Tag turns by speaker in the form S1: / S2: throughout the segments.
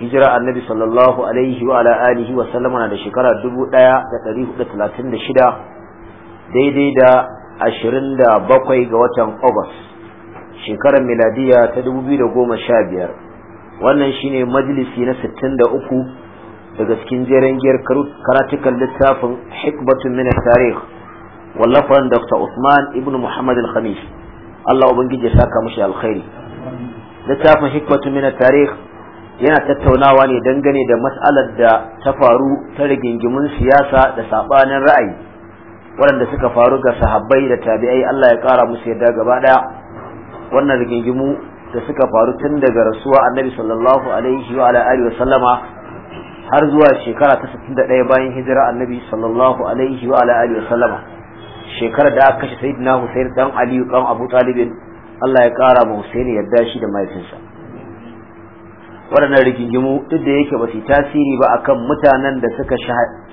S1: hijira annabi sallallahu alaihi wa ala alihi wa sallama na da shekara 1436 daidai da bakwai ga watan August shekarar miladiya ta biyar wannan shine majalisi na sittin uku daga cikin jeren giyar karatukan littafin hikbatun min tarikh wallafan Dr. Usman ibn Muhammad al-Khamis Allah ubangiji ya saka mashi alkhairi littafin hikmatun min tarikh yana tattaunawa ne dangane da mas'alar da ta faru ta rigingimun siyasa da sabanin ra'ayi waɗanda suka faru ga sahabbai da tabi'ai Allah ya ƙara musu yadda gaba ɗaya wannan rigingimu da suka faru tun daga rasuwa annabi sallallahu alaihi wa ala alihi wa sallama har zuwa shekara ta 61 bayan hijira annabi sallallahu alaihi wa ala wa sallama shekarar da aka kashe sayyidina Husain dan Aliyu dan Abu Talib Allah ya ƙara ma Husaini yadda shi da mahaifinsa waɗannan rigingimu duk da yake ba su tasiri ba akan mutanen da suka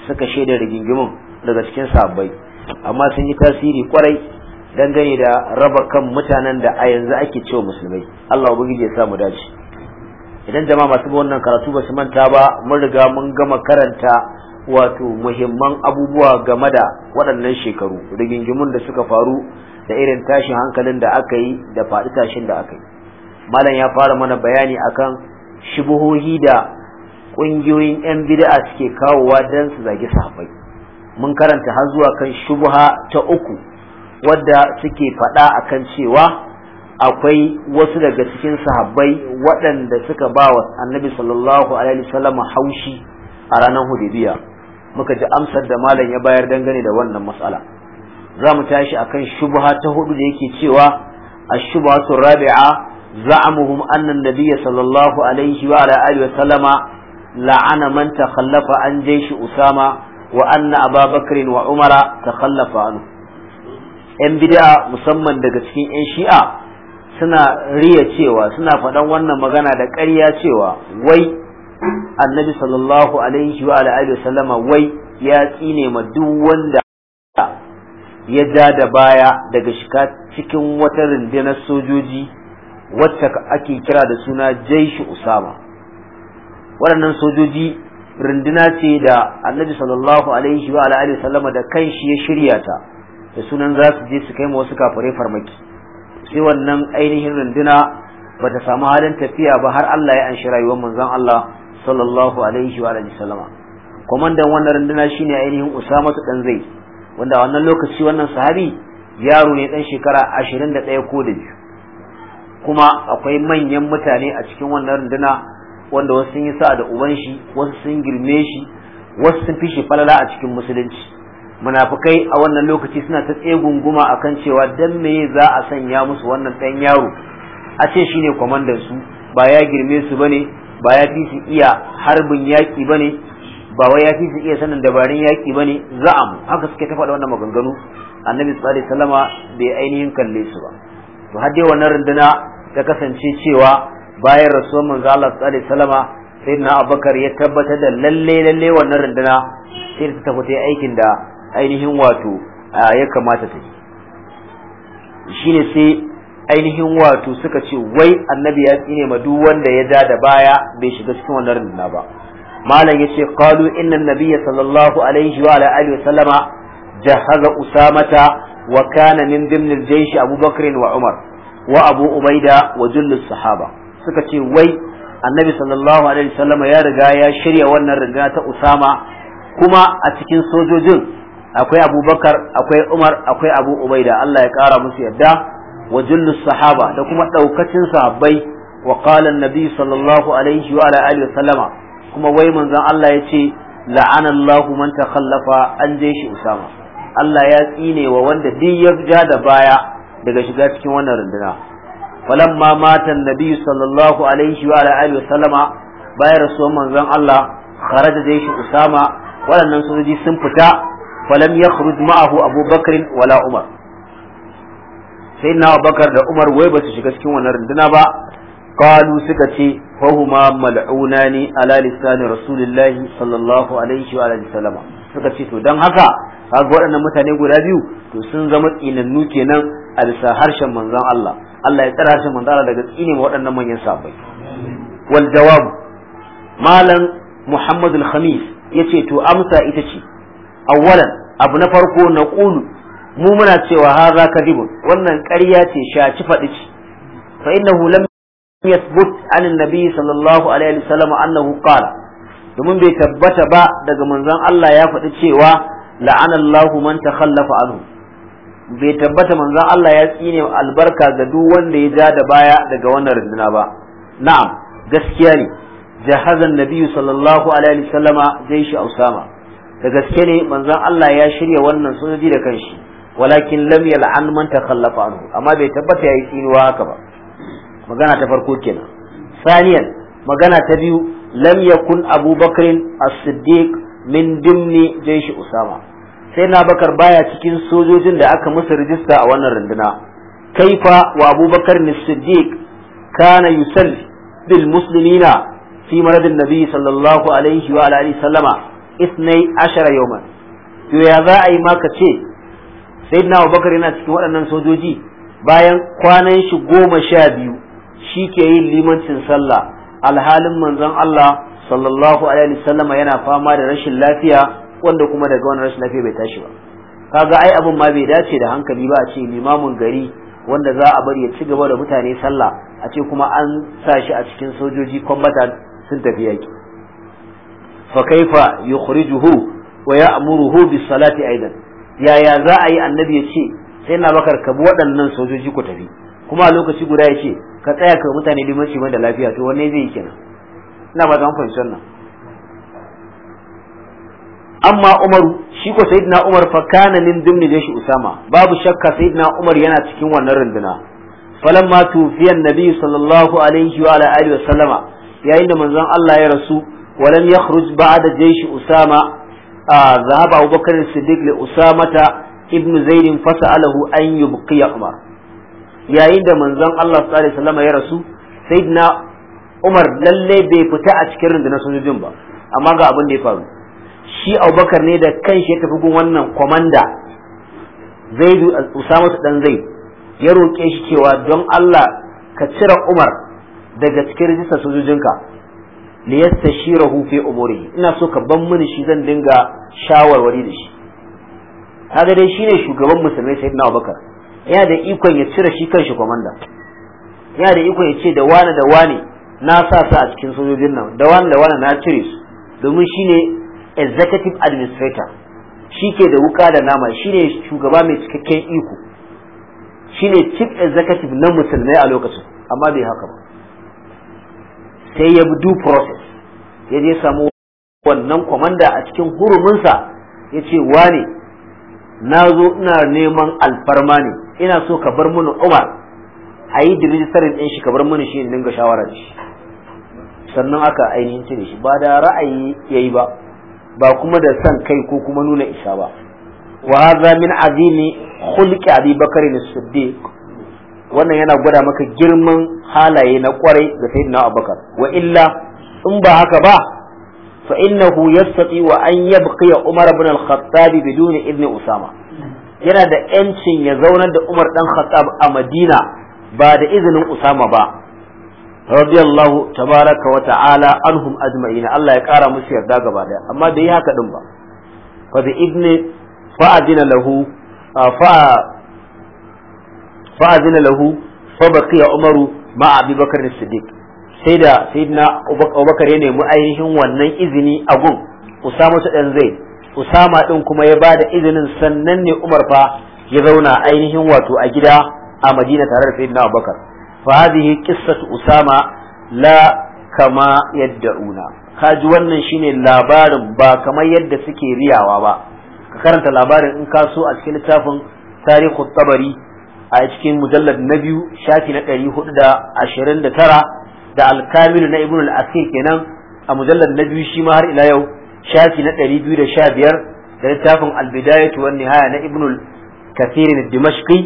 S1: suka shaida rigingimun daga cikin sahabbai amma sun yi tasiri kwarai dangane da raba kan mutanen da a yanzu ake cewa musulmai Allah ubangiji ya sa mu dace idan jama'a masu ba wannan karatu ba su manta ba mun riga mun gama karanta wato muhimman abubuwa game da waɗannan shekaru rigingimun da suka faru da irin tashin hankalin da aka yi da faɗi tashin da aka yi malam ya fara mana bayani akan shubuhohi da ƙungiyoyin 'yan bid'a suke kawowa don su zagi sahabbai mun karanta har zuwa kan shubha ta uku wadda suke faɗa akan cewa akwai wasu daga cikin sahabbai waɗanda suka ba wa annabi sallallahu alaihi wasallam haushi a ranar hudibiya muka ji amsar da malam ya bayar dangane da wannan matsala za mu tashi akan shubha ta hudu da yake cewa ash-shubhatu rabi'a زعمهم أن النبي صلى الله عليه وعلى آله وسلم لعن من تخلف عن جيش أسامة وأن أبا بكر وعمر تخلف عنه ‘yan bida'a musamman daga cikin ‘yan shi'a suna riya cewa suna faɗan wannan magana da ƙarya cewa wai annabi sallallahu alaihi wa alihi sallama wai ya tsine ma duk wanda ya ja da baya daga shiga cikin wata rundunar sojoji wacce ake kira da suna jaishi usama waɗannan sojoji runduna ce da annabi sallallahu alaihi wa alihi sallama da kanshi ya shirya ta da sunan za su je su kai ma wasu kafare farmaki sai wannan ainihin runduna ba ta samu halin tafiya ba har Allah ya anshi rayuwar manzon Allah sallallahu alaihi wa alihi sallama komandan wannan runduna shine ainihin Usama dan Zai, wanda wannan lokaci wannan sahabi yaro ne dan shekara 21 ko da biyu kuma akwai manyan mutane a cikin wannan runduna wanda wasu sun yi sa da uban shi wasu sun girme shi wasu sun fi shi falala a cikin musulunci munafukai a wannan lokaci suna ta tsegunguma akan cewa dan me za a sanya musu wannan ɗan yaro a ce shine kwamandan su ba ya girme su bane ba ya fi su iya harbin yaƙi bane ba wai ya fi su iya sanin dabarun yaƙi bane za'am haka suke ta faɗa wannan maganganu annabi sallallahu alaihi wasallama bai ainihin kalle su ba to har wannan runduna ta kasance cewa bayan rasuwar manzo Allah sallallahu alaihi sai na Abubakar ya tabbatar da lalle lalle wannan runduna sai ta tafi ta aikin da ainihin wato ya kamata ta yi shine sai ainihin wato suka ce wai annabi ya tsine ma duk wanda ya da da baya bai shiga cikin wannan runduna ba malam yace qalu inna nabiyya sallallahu alaihi wa ala alihi wa sallama jahaza usamata wa kana min dimnil jaysh abubakar wa umar wa abu ubaida wa jullus sahaba suka ce wai annabi sallallahu alaihi wasallam ya riga ya shirya wannan riga ta usama kuma a cikin sojojin akwai abubakar akwai umar akwai abu ubaida allah ya kara musu yadda wa jullus sahaba da kuma daukacin sahabbai wa qala annabi sallallahu alaihi wa ala alihi wasallama kuma wai manzon allah ya ce la'ana allahu man takhallafa an je shi usama allah ya tsine wa wanda duk ya ja da baya daga shiga cikin wannan runduna falamma mata annabi sallallahu alaihi wa alihi wa bayan rasuwar manzon Allah kharaja shi Usama waɗannan sojoji sun fita falam yakhruj ma'ahu Abu Bakr wala Umar sai na Bakar da Umar wai ba su shiga cikin wannan runduna ba قالوا سكتي فهما ملعونان على لسان رسول الله صلى الله عليه وآله Suka ce to دان haka. kaga waɗannan mutane guda biyu to sun zama tsinannu kenan a bisa harshen manzon Allah Allah ya tsara harshen manzon Allah daga tsine waɗannan manyan sabai wal jawab malam Muhammad al-Khamis yace to amsa ita ce awwalan abu na farko na qulu mu muna cewa za ka dibu wannan ƙarya ce shaci faɗi ce fa innahu lam yathbut an Nabi, sallallahu alaihi wasallam annahu qala domin bai tabbata ba daga manzon Allah ya faɗi cewa la'anallahu man takhallafa anhu bai tabbata manzon Allah ya tsine albarka ga duk wanda ya ja da baya daga wannan rinduna ba na'am gaskiya ne jahazan nabiyyu sallallahu alaihi wasallama jaishi Ausama. da gaske ne manzon Allah ya shirya wannan sojoji da kanshi walakin lam yal'an man takhallafa anhu amma bai tabbata yayi tsinuwa haka ba magana ta farko kenan saniyan magana ta biyu lam yakun abubakar as-siddiq min dimni jaishi usama sai na bakar baya cikin sojojin da aka musu rijista a wannan runduna kaifa wa abubakar ni siddiq kana yusal bil muslimina fi maradin nabi sallallahu alaihi wa alihi sallama isnai ashara yawman to ya za a yi maka ce sayyidina abubakar yana cikin waɗannan sojoji bayan kwanan shi goma sha biyu shi ke yin limancin sallah alhalin manzon Allah sallallahu alaihi wasallam yana fama da rashin lafiya wanda kuma daga wannan rashin lafiya bai tashi ba kaga ai abin ma bai dace da hankali ba a ce limamin gari wanda za a bari ya ci gaba da mutane sallah a ce kuma an sa shi a cikin sojoji kwambatan sun tafi yaki fa kaifa yukhrijuhu wa ya'muruhu bis salati aidan yaya za a yi annabi ya ce sai na bakar ka bi waɗannan sojoji ku tafi kuma a lokaci guda ya ce ka tsaya ka mutane limanci da lafiya to wanne zai yi kenan ina ba ta fahimtar nan. amma umaru shi ko sayyidina umar fa kana min dimni jashi usama babu shakka sayyidina umar yana cikin wannan runduna falamma tufiya Nabiyyu sallallahu alaihi wa ala alihi wa sallama yayin da manzon Allah ya rasu walam yakhruj ba'da jashi usama zahaba abubakar siddiq li usamata ibnu zaid fasalahu an yubqiya umar yayin da manzon Allah sallallahu alaihi wa sallama ya rasu sayyidina Umar lalle bai fita a cikin rundunar sojojin ba amma ga abin da ya faru shi Abubakar ne da kanshi ya tafi gun wannan komanda Zaidu Usama dan Zaid ya roƙe shi cewa don Allah ka cire Umar daga cikin rijistar sojojinka li yastashirahu fi umuri ina so ka ban mini shi zan dinga shawarwari da shi kaga dai shine shugaban musulmai sayyidina Abubakar yana da ikon ya cire shi kanshi komanda yana da ikon ya ce da wani da wani na sa su a cikin sojojin nan da wanda na cire su domin shine executive administrator shi ke da wuka da nama shi ne shugaba mai cikakken iko shi ne chief executive na musulmai a lokacin amma bai haka ba sai ya bi due process ya je samu wannan kwamanda a cikin huruminsa ya ce wane na zo ina neman alfarma ne ina so ka bar mini umar a yi da ɗin shi ka bar mini shi in dinga shawara shi sannan aka ainihin cire shi ba da ra'ayi ya yi ba ba kuma da san kai ko kuma nuna isa ba wa haza min azimi khulqi abi bakari as-siddiq wannan yana gwada maka girman halaye na kwarai ga na abubakar wa illa in ba haka ba fa innahu yastati wa an yabqi umar ibn al-khattab bidun ibn usama yana da yancin ya zaunar da umar dan khattab a madina ba da izinin usama ba radiyallahu tabaraka wa ta'ala anhum ajma'ina Allah ya kara musu yarda gaba daya amma da yi haka din ba fa bi idni fa'adina lahu fa'adina lahu fa umaru ma abi bakar siddiq sai da sayyidina abubakar ya nemi ainihin wannan izini a gun usama ta dan zai usama din kuma ya bada izinin sannan ne umar fa ya zauna ainihin wato a gida a madina tare da sayyidina abubakar فهذه قصة أسامة لا كما يدعون kaji wannan shine labarin ba kamar yadda suke riyawa ba ka karanta labarin in ka so a cikin littafin tarihu tabari a cikin mujallar na biyu shafi na ɗari hudu da ashirin da tara da alkamilu na ibn al-asir kenan a mujallar na biyu shi ma har ila yau shafi na ɗari biyu da sha biyar da littafin albidayatu wan nihaya na ibn al-kathir dimashqi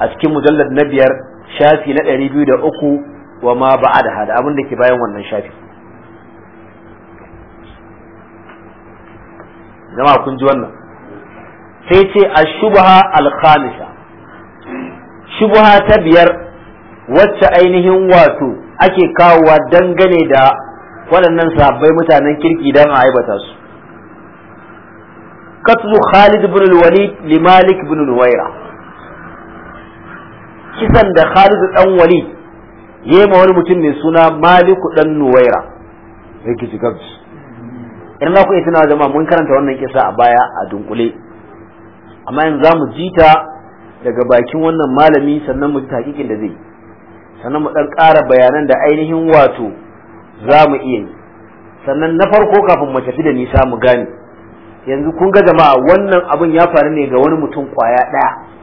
S1: a cikin mujallar na biyar shafi na ɗari biyu da uku wa ma a da hada abinda ke bayan wannan shafi zama kun ji wannan sai ce a shubha alkhamisa shubha ta biyar wacce ainihin wato ake kawowa dangane da waɗannan sabbai mutanen kirki don a aibata su katlu khalid bin walid li malik bin waira kisan da Khalid dan Walid yayi ma wani mutum mai suna Maliku dan Nuwaira yake ji gabs in ku iya tunawa jama'a mun karanta wannan kisa a baya a dunkule amma yanzu zamu ji ta daga bakin wannan malami sannan mu ji hakikin da zai sannan mu dan ƙara bayanan da ainihin wato za mu iya yi sannan na farko kafin mu tafi da nisa mu gane yanzu kun ga jama'a wannan abin ya faru ne ga wani mutum kwaya ɗaya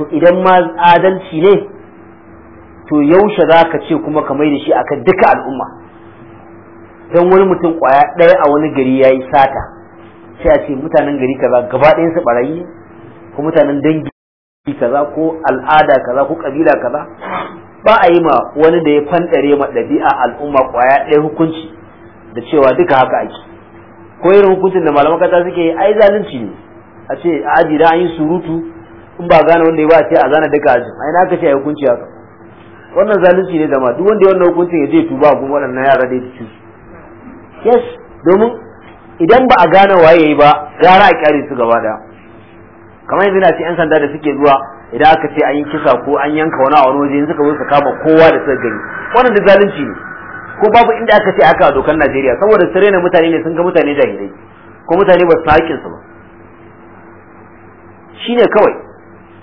S1: to idan ma adalci ne to yaushe za ka ce kuma ka mai da shi akan duka al'umma don wani mutum kwaya ɗaya a wani gari ya yi sata sai a ce mutanen gari kaza gaba ɗayansu barayi ko mutanen dangi kaza ko al'ada kaza ko kabila kaza ba a yi ma wani da ya fanɗare ma ɗabi'a al'umma kwaya ɗaya hukunci da cewa duka haka ake ko irin hukuncin da malaman kasa suke yi ai zalunci ne a ce aji za an yi surutu in ba gane wanda ya ba ce a zana duka ajin ai na kace ai hukunci haka wannan zalunci ne zama duk wanda ya wannan hukunci ya je tuba kuma waɗannan yara da su yes domin idan ba a gane waye yi ba gara a kyare su gaba da kamar yanzu na ce yan sanda da suke zuwa idan aka ce an yi kisa ko an yanka wani a wani waje in suka zo su kama kowa da suka gani wannan da zalunci ne ko babu inda aka ce aka a dokar Najeriya saboda su rena mutane ne sun ga mutane jahilai ko mutane ba su haƙƙinsu ba shine kawai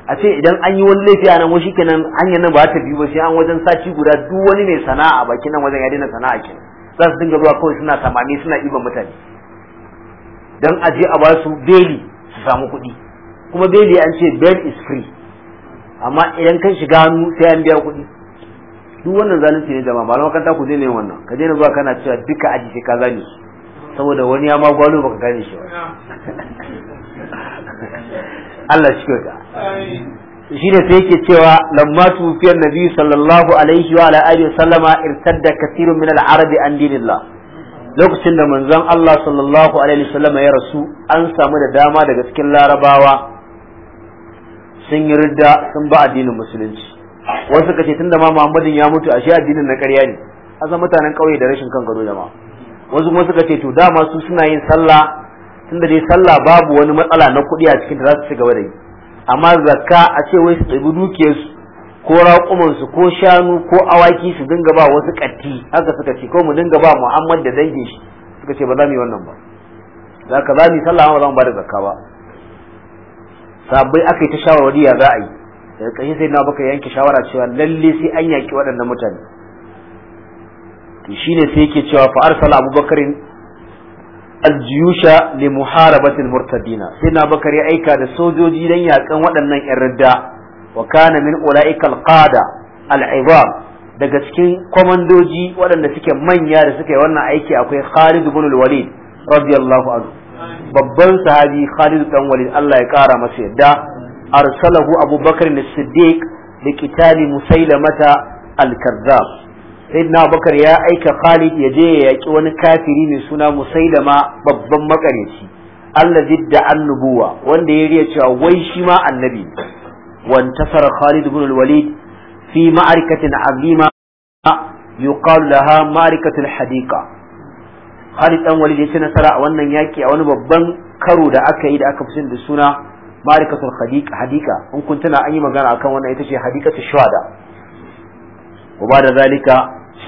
S1: a ce idan an yi wani laifi a nan wasu kenan hanyar nan ba ta biyu ba sai an wajen saci guda duk wani mai sana'a bakin nan wajen ya daina sana'a kenan za su dinga zuwa kawai suna samani suna iban mutane dan a je a ba su beli su samu kuɗi kuma beli an ce bel is free amma idan kan shiga hannu sai an biya kuɗi duk wannan zalunci ne jama'a malaman kanta ku daina yin wannan ka daina zuwa kana cewa duka aji sai ka gane saboda wani ya ma gwalo baka gane shi ba Allah shi kyauta shi ne sai yake cewa lamma tufiyar nabi sallallahu alaihi wa ala alihi sallama irtadda kathirun min al-arabi an dinillah lokacin da manzon Allah sallallahu alaihi sallama ya rasu an samu da dama daga cikin larabawa sun yi ridda sun ba addinin musulunci wasu kace tunda ma Muhammadin ya mutu ashe addinin na ƙarya ne asan mutanen ƙauye da rashin kan gado jama'a wasu kuma suka ce to dama su suna yin sallah tunda dai sallah babu wani matsala na kuɗi a cikin da za su ci gaba da yi amma zakka a ce wai su ɗabi dukiyarsu ko raƙumansu ko shanu ko awaki su dinga ba wasu ƙatti haka suka ce ko mu dinga ba muhammad da dangin shi suka ce ba za mu yi wannan ba za ka za mu yi sallah ba za mu ba da zakka ba sabbai aka yi ta shawarwari ya za a yi daga ƙarshe sai na baka yanke shawara cewa lalle sai an yaƙi waɗannan mutane to shine sai yake cewa fa arsala abubakarin aljiyusha li muharabatil murtadina sai bakar ya aika da sojoji dan yakan waɗannan yan da wa min ulaikal al daga cikin kwamandoji waɗanda suke manya da suke wannan aiki akwai Khalid ibn al-Walid radiyallahu anhu babban sahabi Khalid dan Walid Allah ya kara masa yadda arsalahu Abu Bakr as-Siddiq li qitali Musailamata al-Kazzab sayyidina abubakar ya aika khalid ya je ya yaki wani kafiri mai suna musailama babban makareci allazi da annubuwa wanda ya riya cewa wai shi ma annabi وانتصر خالد بن الوليد في معركة عظيمة يقال لها معركة الحديقة خالد بن الوليد يسنى سرع وانا ياكي وانا ببن كرو دا اكا ايدا اكا بسن دسونا معركة الحديقة حديقة ان كنتنا اي مغانا اكا وانا يتشي حديقة الشهداء وبعد ذلك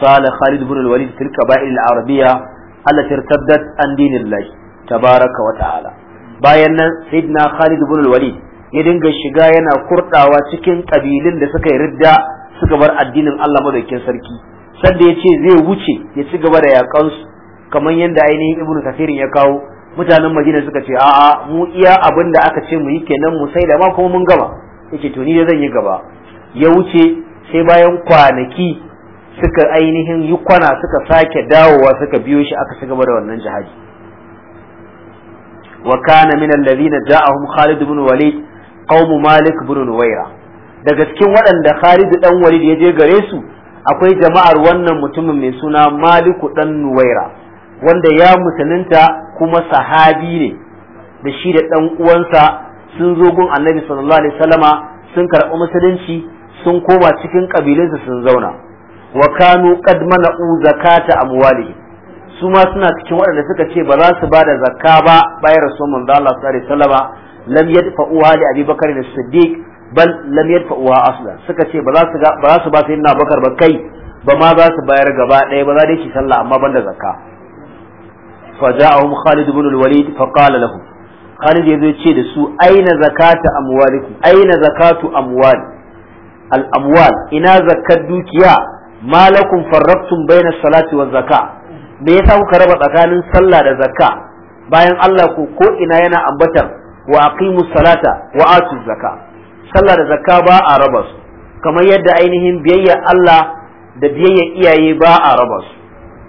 S1: سال خالد بن الوليد في الكبائر العربية التي ارتدت عن دين الله تبارك وتعالى bayan nan sayyidina Khalid ibn walid ya dinga shiga yana kurɗawa cikin kabilun da suka yi ridda suka addinin Allah madaukakin sarki sanda ya ce zai wuce ya ci gaba da yakan kamar yadda ainihin Ibn Kathirin ya kawo mutanen Madina suka ce a'a mu iya abin da aka ce mu yi kenan mu sai da ma kuma mun gaba yake to ni da zan yi gaba ya wuce sai bayan kwanaki suka ainihin yi kwana suka sake dawowa suka biyo shi aka shiga da wannan jihadi wa kana min alladhina ja'ahum Khalid ibn Walid qaum Malik ibn Nuwayra daga cikin waɗanda Khalid dan Walid ya je gare su akwai jama'ar wannan mutumin mai suna Malik dan Nuwaira wanda ya musulunta kuma sahabi ne da shi da dan uwansa sun zo gun Annabi sallallahu alaihi wasallama sun karɓi musulunci sun koma cikin kabilansu sun zauna wa kanu qad mana'u zakata amwalihim su ma suna cikin waɗanda suka ce ba za su ba da zakka ba bayan rasul manzo Allah sallallahu alaihi lam yadfa'uha li Abi Bakar as-Siddiq bal lam yadfa'uha aslan suka ce ba za su ba za su ba sai na Bakar ba kai ba ma za su bayar gaba ɗaya ba za dai shi sallah amma banda zakka faja'ahum Khalid ibn al-Walid fa qala lahum Khalid yazo ce da su aina zakata amwalikum aina zakatu amwali amwal ina zakar dukiya malakun farrabtun bayan salati wa zaka me yasa kuka raba tsakanin sallah da zakka bayan Allah ku ko ina yana ambatar wa aqimus salata wa atu zakka sallah da zakka ba a raba su kamar yadda ainihin biyayya Allah da biyayya iyaye ba a raba su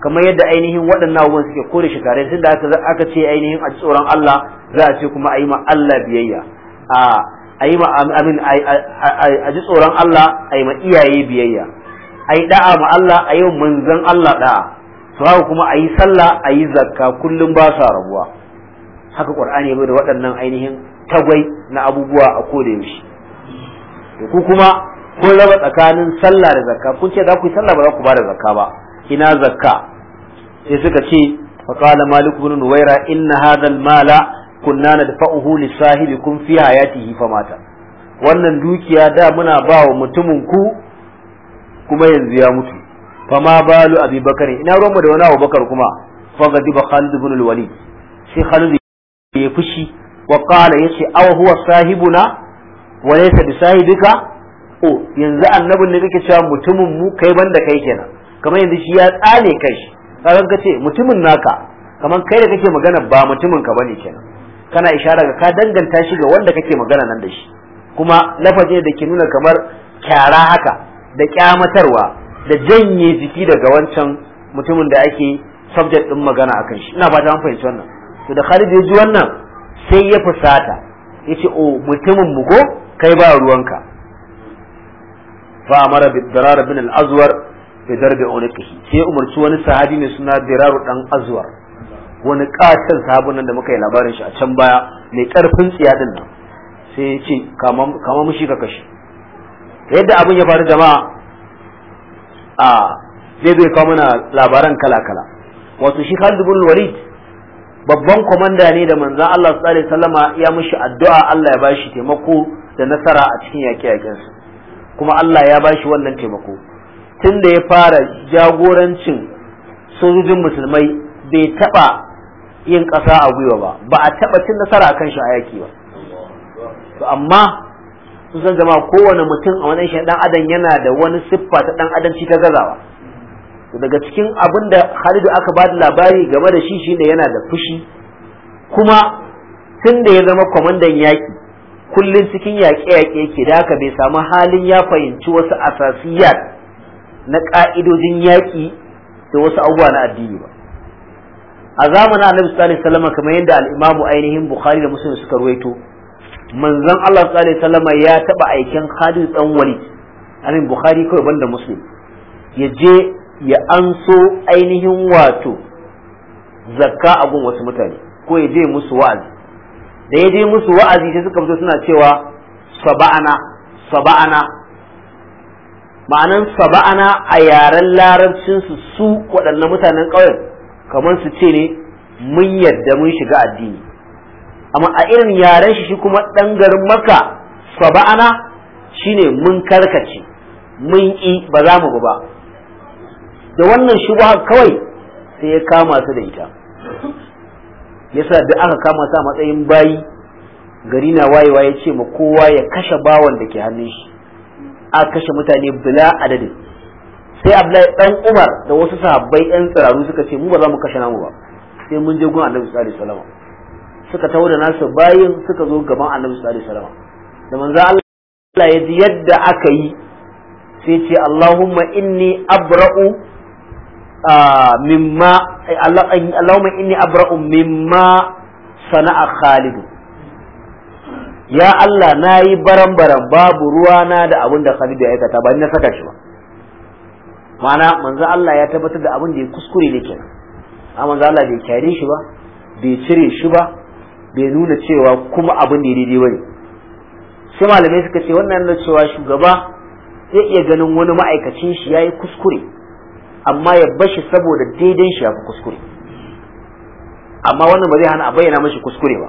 S1: kamar yadda ainihin waɗannan abubuwan suke kore shi da aka ce ainihin a tsoron Allah za a ce kuma a yi ma Allah biyayya a a yi amin a ji tsoron Allah a yi ma iyaye biyayya a yi da'a ma Allah a yi manzan Allah da'a su haka kuma a yi sallah a yi zakka kullum ba su rabuwa haka qur'ani bai da waɗannan ainihin tagwai na abubuwa a koda yaushe to ku kuma kun raba tsakanin sallah da zakka kun ce za ku yi sallah ba za ku ba da zakka ba ina zakka sai suka ce qala malik ibn nuwaira inna hadha al-mala kunna nadfa'uhu li kun fi hayatihi mata wannan dukiya da muna ba wa mutumin ku kuma yanzu ya mutu fama balu abi bakari ina ruwan mu da wani abubakar kuma fa gadiba khalid ibn al-walid sai khalid ya fushi wa qala yace aw huwa sahibuna wa laysa bi sahibika o yanzu annabin ne kake cewa mutumin mu kai banda kai kenan kamar yanzu shi ya tsane kai ka ce mutumin naka kamar kai da kake magana ba mutumin ka bane kenan kana ishara ga ka danganta shi ga wanda kake magana nan da shi kuma lafazi da ke nuna kamar kyara haka da kyamatarwa da janye jiki daga wancan mutumin da ake subject din magana akan shi ina fata an fahimci wannan to da Khalid ya ji wannan sai ya fusata yace o oh, mutumin mu ko kai ba ruwanka fa amara bi darar bin al-azwar bi darbi unqihi sai umarci wani sahabi mai suna diraru dan azwar wani katon sabon nan da muka yi labarin shi a can baya mai karfin tsiya din nan sai ya ce kama mushi ka kashi yadda abin ya faru jama'a a zai zai kawo mana labaran kala-kala Wasu shi Khalid bin Walid babban komanda ne da manzan Allah sallallahu alaihi wasallama ya mushi addu'a Allah ya ba shi taimako da nasara a cikin yaƙe-yaƙen su kuma Allah ya bashi wannan taimako tun da ya fara jagorancin sojojin musulmai bai taɓa. yin ƙasa a gwiwa ba ba a taɓa cin nasara a kan shi a yaki ba to amma sun san jama'a kowane mutum a wani shi dan adam yana da wani siffa ta adam adamci ta gazawa daga cikin abin da Khalidu aka ba da labari game da shi shine yana da fushi kuma tun da ya zama kwamandan yaƙi kullum cikin yaƙe-yaƙe yake da haka bai samu halin ya fahimci wasu asasiyat na ƙa'idojin yaƙi da wasu abubuwa na addini ba a zamanin annabi sallallahu alaihi wasallam kamar yadda al imam ainihin bukhari da muslim suka ruwaito manzon Allah sallallahu alaihi wasallam ya taba aikin Khalid dan Walid amin bukhari kawai banda muslim ya je ya anso ainihin wato zakka a gun wasu mutane ko ya je musu wa'azi da ya je musu wa'azi sai suka fito suna cewa saba'ana saba'ana ma'anan saba'ana a yaren larabcinsu su waɗannan mutanen ƙauyen kamar su ce ne mun yadda mun shiga addini amma a irin yaren shi kuma ɗan garin maka saba'ana shine mun karkace mun yi ba za mu ba da wannan shubha kawai sai ya kama su da ita yasa da aka kama su a matsayin bayi gari na wayewa ya ce ma kowa ya kashe bawan da ke hannun shi a kashe mutane bila adadin sai Abdullahi dan Umar da wasu sahabbai yan tsiraru suka ce mu ba za mu kashe namu ba sai mun je gun Annabi sallallahu alaihi wasallam suka tawo da nasu bayin suka zo gaban Annabi sallallahu alaihi wasallam da manzo Allah ya ji yadda aka yi sai ce Allahumma inni abra'u mimma Allahumma inni abra'u mimma sana'a Khalid ya Allah na yi baran-baran babu ruwana da abin da Khalid ya aikata ba ni na saka shi ba ma'ana manzo Allah ya tabbatar da abin da ya kuskure ne kenan a manzo Allah bai kyare shi ba bai cire shi ba bai nuna cewa kuma abin da ya daidai bane sai malamai suka ce wannan na cewa shugaba zai iya ganin wani ma'aikacin shi yayi kuskure amma ya bashi saboda daidai shi ya fi kuskure amma wannan ba zai hana a bayyana mashi kuskure ba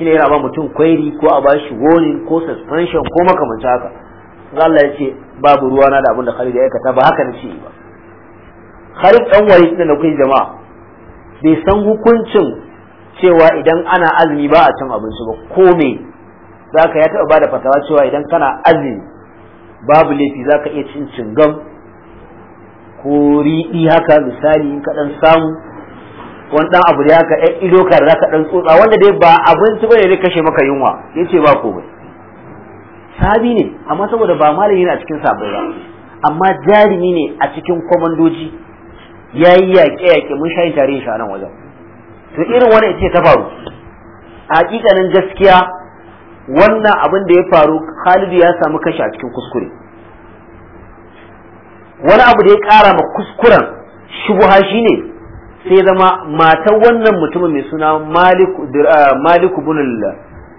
S1: shine yana ba mutum kwairi ko a bashi warning ko suspension ko makamancin haka Allah ya ce babu ruwana da abin da Khalid ya aikata ba haka nace ba Khalid dan wari da kai jama'a bai san hukuncin cewa idan ana azumi ba a cin abinci ba ko me zaka ya taba bada fatawa cewa idan kana azumi babu laifi zaka iya cin cingam ko riɗi haka misali in ka dan samu wani dan abu da haka ɗan ido da zaka dan tsotsa wanda dai ba abinci bane ne kashe maka yunwa yace ba komai sabi ne amma saboda ba malami ne cikin sahabbai ba amma jarimi ne a cikin komandoji ya yi yaƙe-yaƙe mun shayin tarihin shi a nan wajen to irin wani ce ta faru a hakikanin gaskiya wannan abin da ya faru Khalidu ya samu kashi a cikin kuskure wani abu da ya ƙara ma kuskuren shubuha shine sai zama matan wannan mutumin mai suna Malik ah, Malik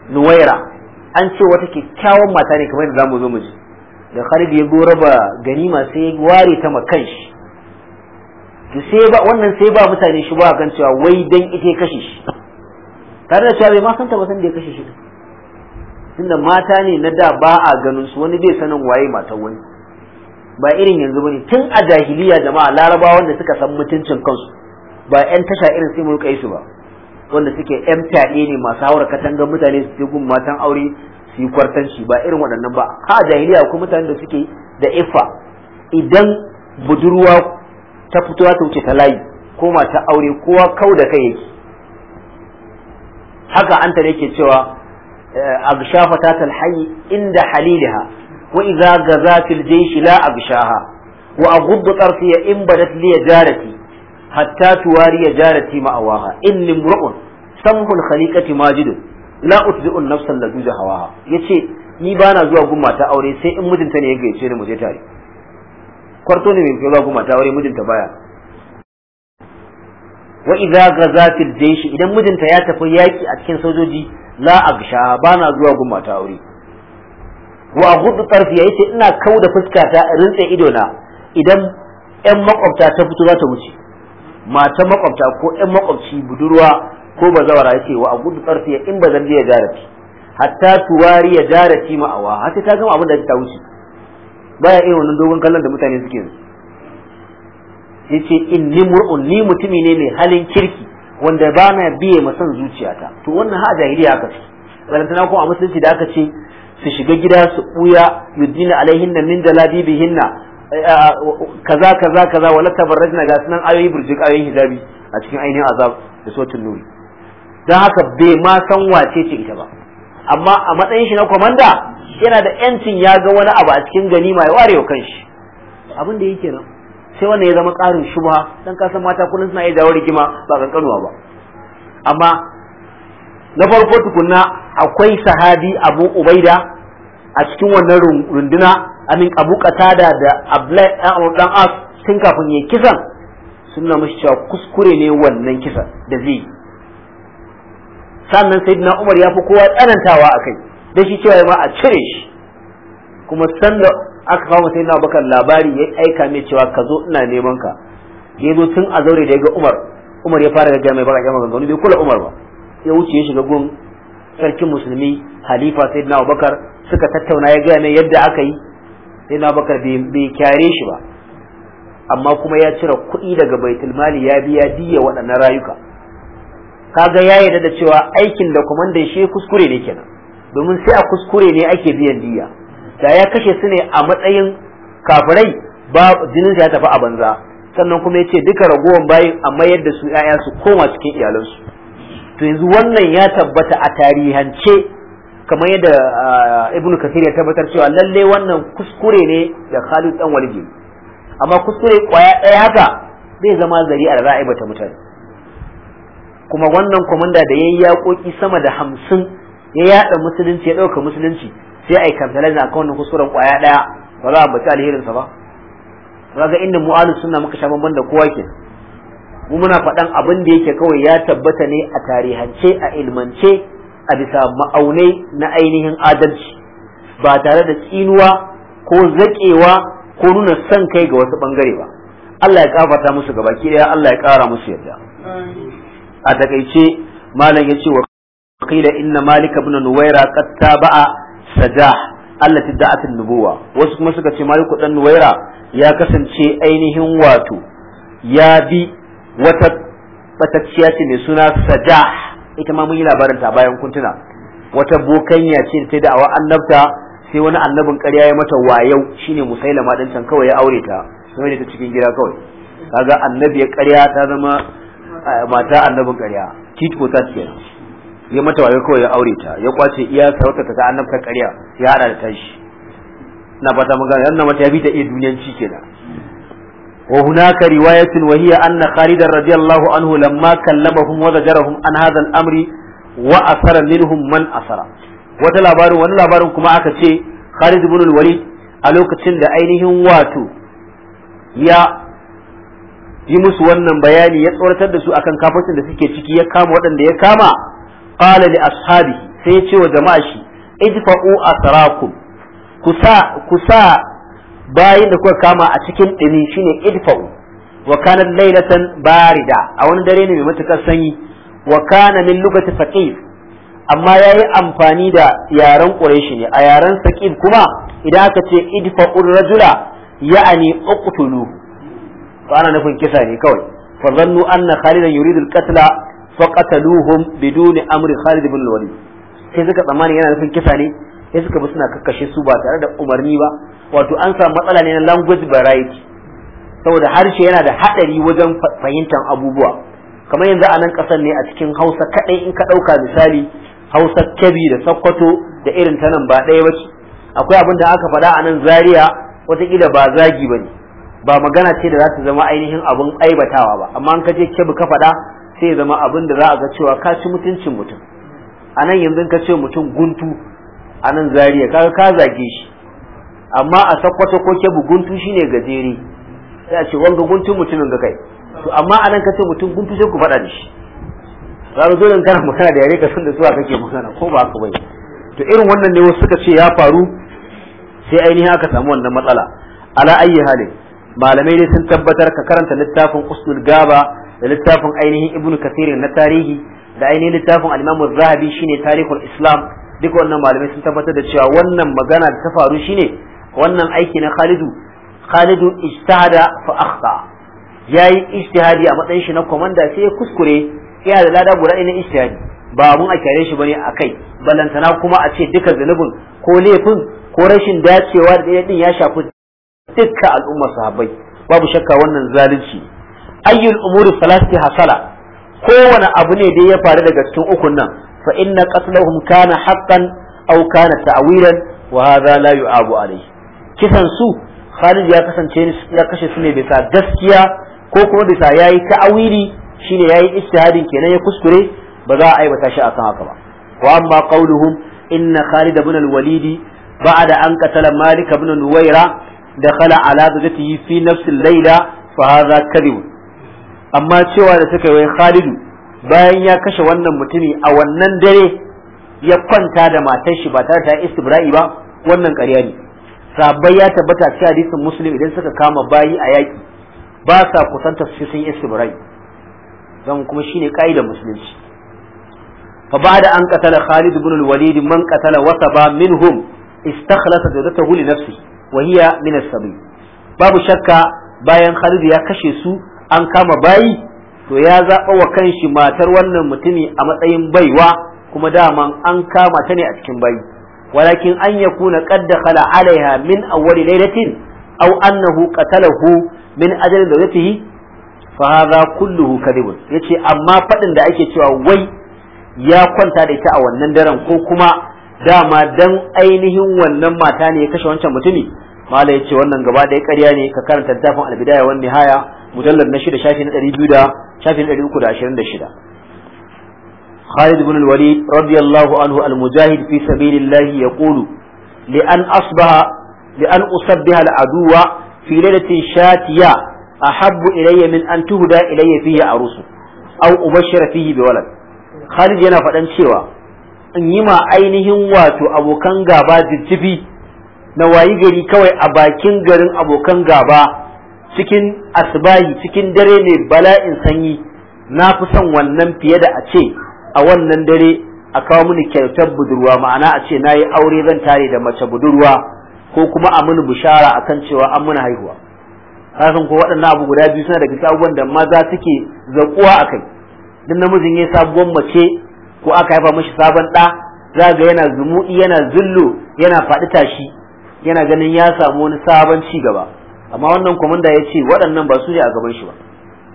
S1: Nuwaira an ce wata kyakkyawan mata ne kamar yadda zamu zo mu ji da Khalid ya gora ba ganima sai ya ware ta ma kanshi to sai ba wannan sai ba mutane shi ba kan cewa wai dan ita ya kashe shi tare da cewa bai ma ta ba san da ya kashe shi tunda mata ne na da ba a ganin su wani bai sanin waye mata wani ba irin yanzu bane tun a jahiliya jama'a larabawa wanda suka san mutuncin kansu ba 'yan tasha irin sai mu rika su ba wanda suke yan fyaɗe ne masu hawar katangar mutane su gun matan aure su yi kwartanci ba irin waɗannan ba ha jahiliya ko mutanen da suke da ifa idan budurwa ta fitowa ta wuce ta layi ko mata aure kowa kau da kai yake haka an ta yake cewa eh, agshafa ta talhayi inda haliliha wa idza gaza fil la agshaha wa aghuddu tarfiya in badat li jarati حتى تواري ya معواها ma'awaha inni سمح الخليقة ماجد لا la النفس nafsan laduja hawaha ni ni na zuwa gun aure sai in mijinta ne ya gaishe ni mu je tare kwarto ne mai zuwa gun mata aure mijinta baya wa idza ghaza al jaysh idan mijinta ya tafi yaki a cikin sojoji la agsha na zuwa gun aure wa gudu tarfi ce ina kauda fuskata rintsa ido na idan ƴan makwabta ta fito za ta wuce mata makwabta ko ɗan makwabci budurwa ko bazawara yake wa a gudu tsarfi ya in bazan ya jarati hatta tuwari ya jarati ma'awa sai ta gama abin da ta wuce baya irin wannan dogon kallon da mutane suke yanzu ce in ni mur'un ni mutumi ne mai halin kirki wanda ba na biye ma son zuciyata to wannan ha jahiliya aka ce balantana ko a musulunci da aka ce su shiga gida su buya yudina alaihinna min jalabibihinna Eh, ah, kaza kaza kaza wala tabarrajna ga sunan ayoyi burjik ayoyin hijabi a cikin ainihin azab da sotin nuri dan haka bai ma san wace ce ita ba amma a matsayin shi na kwamanda yana da yancin ya ga wani abu a cikin gani mai warewa kanshi abin da yake nan sai wannan ya zama karin shubha dan kasan mata kullum suna iya dawo rigima ba kankanuwa ba amma na farko tukunna akwai sahabi abu ubaida a cikin wannan runduna amin abu katada da abu dan as tun kafin yi kisan suna mashi cewa kuskure ne wannan kisa da zai sannan na umar ya fi kowa tsanantawa a kai. da shi cewa ma a cire shi kuma sanda aka kawo na abubakar labari ya aika mai cewa ka zo ina neman ka ya zo tun a zaure da ya ga umar umar ya fara gaggaya mai baka gangan bai kula umar ba ya wuce ya shiga gun sarkin musulmi halifa sai na bakar suka tattauna ya gaya mai yadda aka yi sai na bakar bai kyare shi ba amma kuma ya cire kuɗi daga baitul mali ya biya diya waɗannan rayuka kaga ya yarda da cewa aikin da kwamandan shi kuskure ne kenan domin sai a kuskure ne ake biyan diya da ya kashe su ne a matsayin kafirai ba jinin ya tafi a banza sannan kuma ya ce duka ragowar bayin amma yadda su 'ya'ya su koma cikin iyalansu to yanzu wannan ya tabbata a tarihance kamar yadda ah, ibn kasir ya tabbatar cewa lalle wannan kuskure ne da Khalid dan walidi amma kuskure kwaya daya haka zai zama da ra'ayi bata mutane kuma wannan komanda da yayi yakoki sama da hamsin ya yada musulunci ya dauka musulunci sai ai da akan wannan kuskuren kwaya daya ba za a bace alherin sa ba kaga inda mu'alu sunna muka sha bamban da kowa ke mu muna faɗan abin da yake kawai ya tabbata ne a tarihance a ilmance a bisa ma'aunai na ainihin adalci ba tare da tsinuwa ko zaƙewa ko nuna son kai ga wasu ɓangare ba Allah ya kafata musu gaba ki daya Allah ya ƙara musu yadda a takaice malam ya ce wa qila inna malik ibn nuwaira qad taba'a sajah allati da'at nubuwa wasu kuma suka ce malik dan nuwaira ya kasance ainihin wato ya bi wata batacciya ce mai suna sajah ita ma mun yi labarin ta bayan kun tuna wata bokanya ce ta da'awa annabta sai wani annabin ƙarya ya mata wayau shine musailama din can kawai ya aure ta sai da ta cikin gida kawai kaga annabi ya ƙarya ta zama eh, mata annabin ƙarya titko ta ce ya mata wayau kawai ya aure ta ya kwace iya sarauta ta annabta ƙarya ya hada da tashi na fata mun gane annabi mata ya bi ta iya duniyanci kenan وهناك رواية وهي أن خالدا رضي الله عنه لما كلمهم وزجرهم عن هذا الأمر وأثر منهم من أثر وتلابار ونلابار كما أكتشي خالد بن الوليد ألوك تند أينهم واتو يا يمس wannan bayani ya tsoratar da su akan kafircin da suke ciki ya kama waɗanda ya kama qala li ashabi sai ya ce wa jama'a shi idfa'u asrakum kusa kusa bayin da kuka kama a cikin ɗini shine idfa'u wa kana laylatan barida a wani dare ne mai matukar sanyi wa kana min lugati faqif amma yayi amfani da yaren quraishi ne a yaren faqif kuma idan aka ce idfau rajula ya'ani uqtulu to ana nufin kisa ne kawai fa zannu anna khalidan yuridu al-qatla fa qataluhum biduni amri khalid ibn al-walid sai suka tsammani yana nufin kisa ne sai suka bi suna kakkashe su ba tare da umarni ba wato an samu matsala ne na language variety saboda harshe yana da haɗari wajen fahimtar abubuwa kamar yanzu a nan ƙasar ne a cikin hausa kaɗai in ka ɗauka misali hausa kebbi da Sakkwato da irin ta nan ba ɗaya ba akwai abin da aka faɗa a nan zaria wataƙila ba zagi ba ne ba magana ce da za ta zama ainihin abin aibatawa ba amma in ka je kebbi ka faɗa sai zama abin da za a ga cewa ka ci mutuncin mutum a nan yanzu ka ce mutum guntu a nan zaria kaga ka zage shi amma a sakwato ko kebu guntu shine gajere sai a ce wanga guntun mutumin ga kai to amma a nan ka ce mutum guntu sai ku faɗa da shi Za zaru dole kana magana da yare ka san da zuwa kake magana ko ba haka bai? to irin wannan ne wasu suka ce ya faru sai ainihin aka samu wannan matsala ala ayyi halin malamai ne sun tabbatar ka karanta littafin usul gaba da littafin ainihin ibn kathir na tarihi da ainihin littafin al-imam zahabi shine tarihul islam Duk wannan malamai sun tabbatar da cewa wannan magana da ta faru shine wannan aiki na Khalidu Khalidu ijtahada fa akhta yayi ijtihadi a matsayin shi na komanda sai ya kuskure ya da lada guda na ijtihadi ba mun a kyare shi bane akai balantana kuma a ce duka zunubin ko laifin ko rashin dacewa da din ya shafi dukkan al'ummar sahabbai babu shakka wannan zalunci ayyul umuri salati hasala kowane abu ne da ya faru daga cikin ukun nan fa inna qatlahum kana haqqan aw kana ta'wilan wa hadha la yu'abu alayhi kisan su Khalid ya kasance ya kashe su ne bisa gaskiya ko kuma bisa yayi ta'awili shine yayi ijtihadin kenan ya kuskure ba za a aibata shi akan haka ba wa amma qauluhum inna Khalid ibn al-Walid ba'da an qatala Malik ibn Nuwayra dakhala ala zawjatihi fi nafsi al-layla fa hadha kadhib amma cewa da suka yi Khalid bayan ya kashe wannan mutumi a wannan dare ya kwanta da matar shi ba tare da istibra'i ba wannan ƙarya ne sabai ya tabbata cewa hadisin muslim idan suka kama bayi a yaki ba sa kusanta su sun istibrai don kuma shine ƙa'idar musulunci fa ba'da an qatala Khalid ibn al-Walid man qatala wasaba minhum istakhlasa dawlatahu li nafsi wa hiya min as-sabi babu shakka bayan Khalid ya kashe su an kama bayi to ya zaba wa kanshi matar wannan mutumi a matsayin baiwa kuma daman an kama ta ne a cikin bayi walakin an yakuna qad dakhala alaiha min awwali lailatin aw annahu qatalahu min ajli dawlatihi fa hadha kulluhu kadhib yace amma faɗin da ake cewa wai ya kwanta da ita a wannan daren ko kuma dama dan ainihin wannan mata ne kashe wancan mutumi mala yace wannan gaba da karya ne ka karanta littafin albidaya wan nihaya mujallad na shida shafi na 200 shafi na 326 خالد بن الوليد رضي الله عنه المجاهد في سبيل الله يقول لأن أصبح لأن أصبح العدو في ليلة شاتية أحب إلي من أن تهدى إلي فيه أرسل أو أبشر فيه بولد خالد yana faɗan cewa in yi ma ainihin wato abokan gaba jijjifi na wayi gari kawai a bakin garin abokan gaba cikin asbahi cikin dare mai bala'in sanyi na fi son wannan fiye da a ce a wannan dare a kawo mini kyautar budurwa ma'ana a ce na yi aure zan tare da mace budurwa ko kuma a mini bishara kan cewa an muna haihuwa kasan ko waɗannan abu guda biyu suna daga sabuwan da maza suke zaƙuwa a kai duk namijin ya sabuwar mace ko aka haifa mashi sabon ɗa za ga yana zumuɗi yana zullo yana faɗi tashi yana ganin ya samu wani sabon ci gaba amma wannan kwamanda ya ce waɗannan ba su ne a gaban shi ba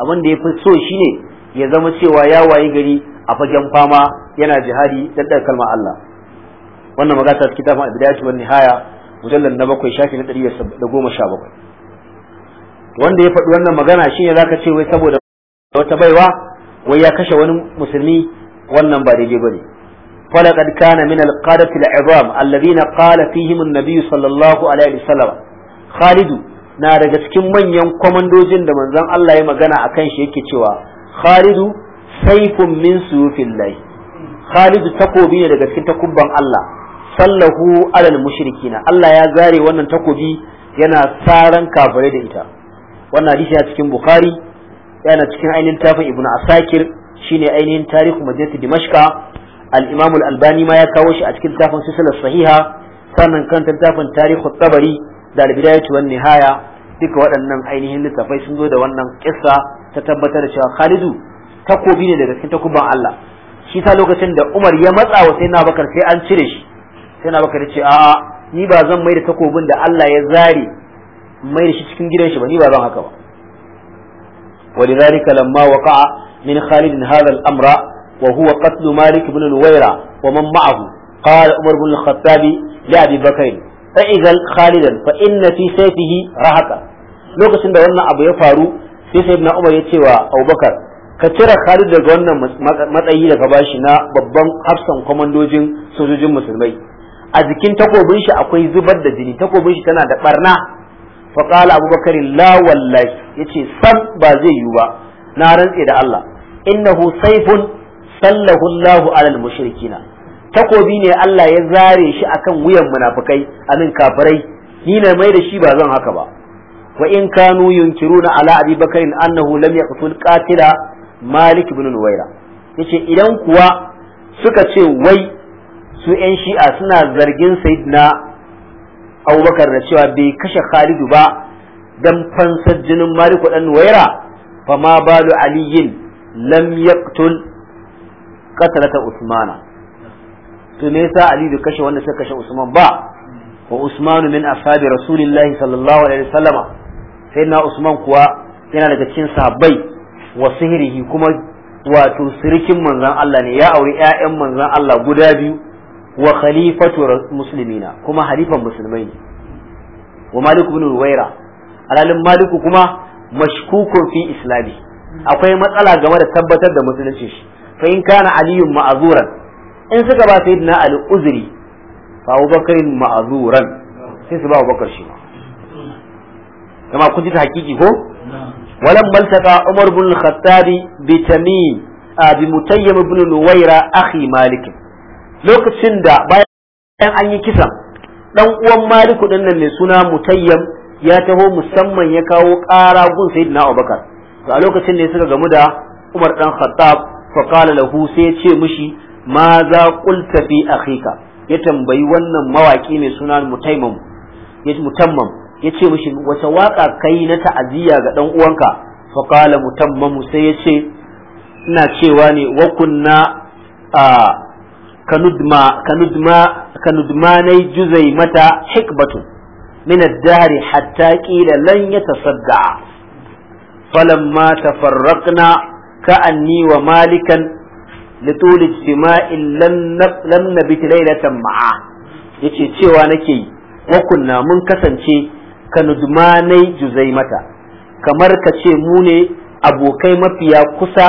S1: abin da ya fi so shine ya zama cewa ya wayi gari a fagen fama yana jihadi da da kalmar Allah wannan magana ta cikin tafin bidayatu wan nihaya mujallal na bakwai shafi na 117 wanda ya faɗi wannan magana shi ne zaka ce wai saboda wata baiwa wai ya kashe wani musulmi wannan ba daidai bane فلقد كان من القادة العظام الذين قال فيهم النبي صلى الله عليه وسلم خالد na daga cikin manyan kwamandojin da manzon Allah ya magana a kan shi yake cewa khalidu saifun min suyufillahi khalidu takobi ne daga cikin takubban Allah sallahu alal mushrikina Allah ya zare wannan takobi yana saran kafirai da ita wannan hadisi a cikin bukhari yana cikin ainihin tafin ibnu asakir shine ainihin tarihu madinatu dimashqa al-imam al-albani ma ya kawo shi a cikin tafin silsilar sahiha sannan kan tafin tarihu tabari da al-bidayatu wan nihaya duka waɗannan ainihin littafai sun zo da wannan kissa ta tabbatar da cewa Khalidu takobi ne daga cikin takuban Allah shi ta lokacin da Umar ya matsa wa Sayyidina Abubakar sai an cire shi Sayyidina Abubakar ya ce a'a ni ba zan mai da takobin da Allah ya zare mai da shi cikin gidan shi ba ni ba zan haka ba ولذلك لما وقع من خالد هذا الأمر وهو قتل مالك بن نويرة ومن معه قال عمر بن الخطاب لأبي بكر فإذا خالدا فإن في سيفه رهقا Lokacin da wannan abu ya faru sai sayyidina Umar ya ce wa Abubakar ka cire Khalid daga wannan matsayi da ka bashi na babban hafsan kwamandojin sojojin musulmai a jikin takobin shi akwai zubar da jini takobin shi tana da barna fa qala Abubakar la wallahi yace san ba zai yiwu ba na rantse da Allah innahu saifun sallahu Allahu alal mushrikina takobi ne Allah ya zare shi akan wuyan munafikai anan kafirai ni na mai da shi ba zan haka ba wa in kanu yunkiruna ala abi bakarin annahu lam yaqtul qatila malik ibn nuwaira yace idan kuwa suka ce wai su yan shi'a suna zargin sayyidina abubakar da cewa bai kashe khalidu ba dan fansar jinin malik ɗan nuwaira fa ma balu aliyin lam yaqtul qatalata usmana to me yasa ali bai kashe wanda suka kashe usman ba wa usmanu min ashabi rasulillahi sallallahu alaihi wasallama na usman kuwa yana daga cikin sahabbai wa sihirihi kuma wato sirikin manzon Allah ne ya auri yayan manzan Allah guda biyu wa khalifatu muslimina kuma halifan musulmai ne wa malik ibn ruwaira alalin maliku kuma mashkukun fi islami akwai matsala game da tabbatar da musulunci shi fa in kana aliyun ma'azuran in suka ba sayyidina ali uzuri fa abubakar ma'azuran sai su ba abubakar shi ma kama kun ji ta hakiki ko walam maltaka umar bin al-khattab bi tamim bi mutayyim bin nuwaira akhi malik lokacin da bayan an yi kisan dan uwan maliku din nan ne suna mutayyam ya taho musamman ya kawo ƙara gun sayyidina abubakar to a lokacin ne suka gamu da umar dan khattab fa qala lahu sai ce mishi ma za qulta fi akhika ya tambayi wannan mawaki ne suna mutaymam ya mutammam yace mishi wace waka kai na ta'aziyya ga ɗan uwanka fa qala mutammamu sai yace ina cewa ne wa kunna kanudma kanudma na juzai mata hikbatu min ad-dahr hatta qila lan yatasadda falamma tafarraqna ka'anni wa malikan لطول اجتماع لم لم نبت ليلة معه yace cewa nake yi wa mun kasance Ka juzai mata, kamar ka ce mu ne abokai mafiya kusa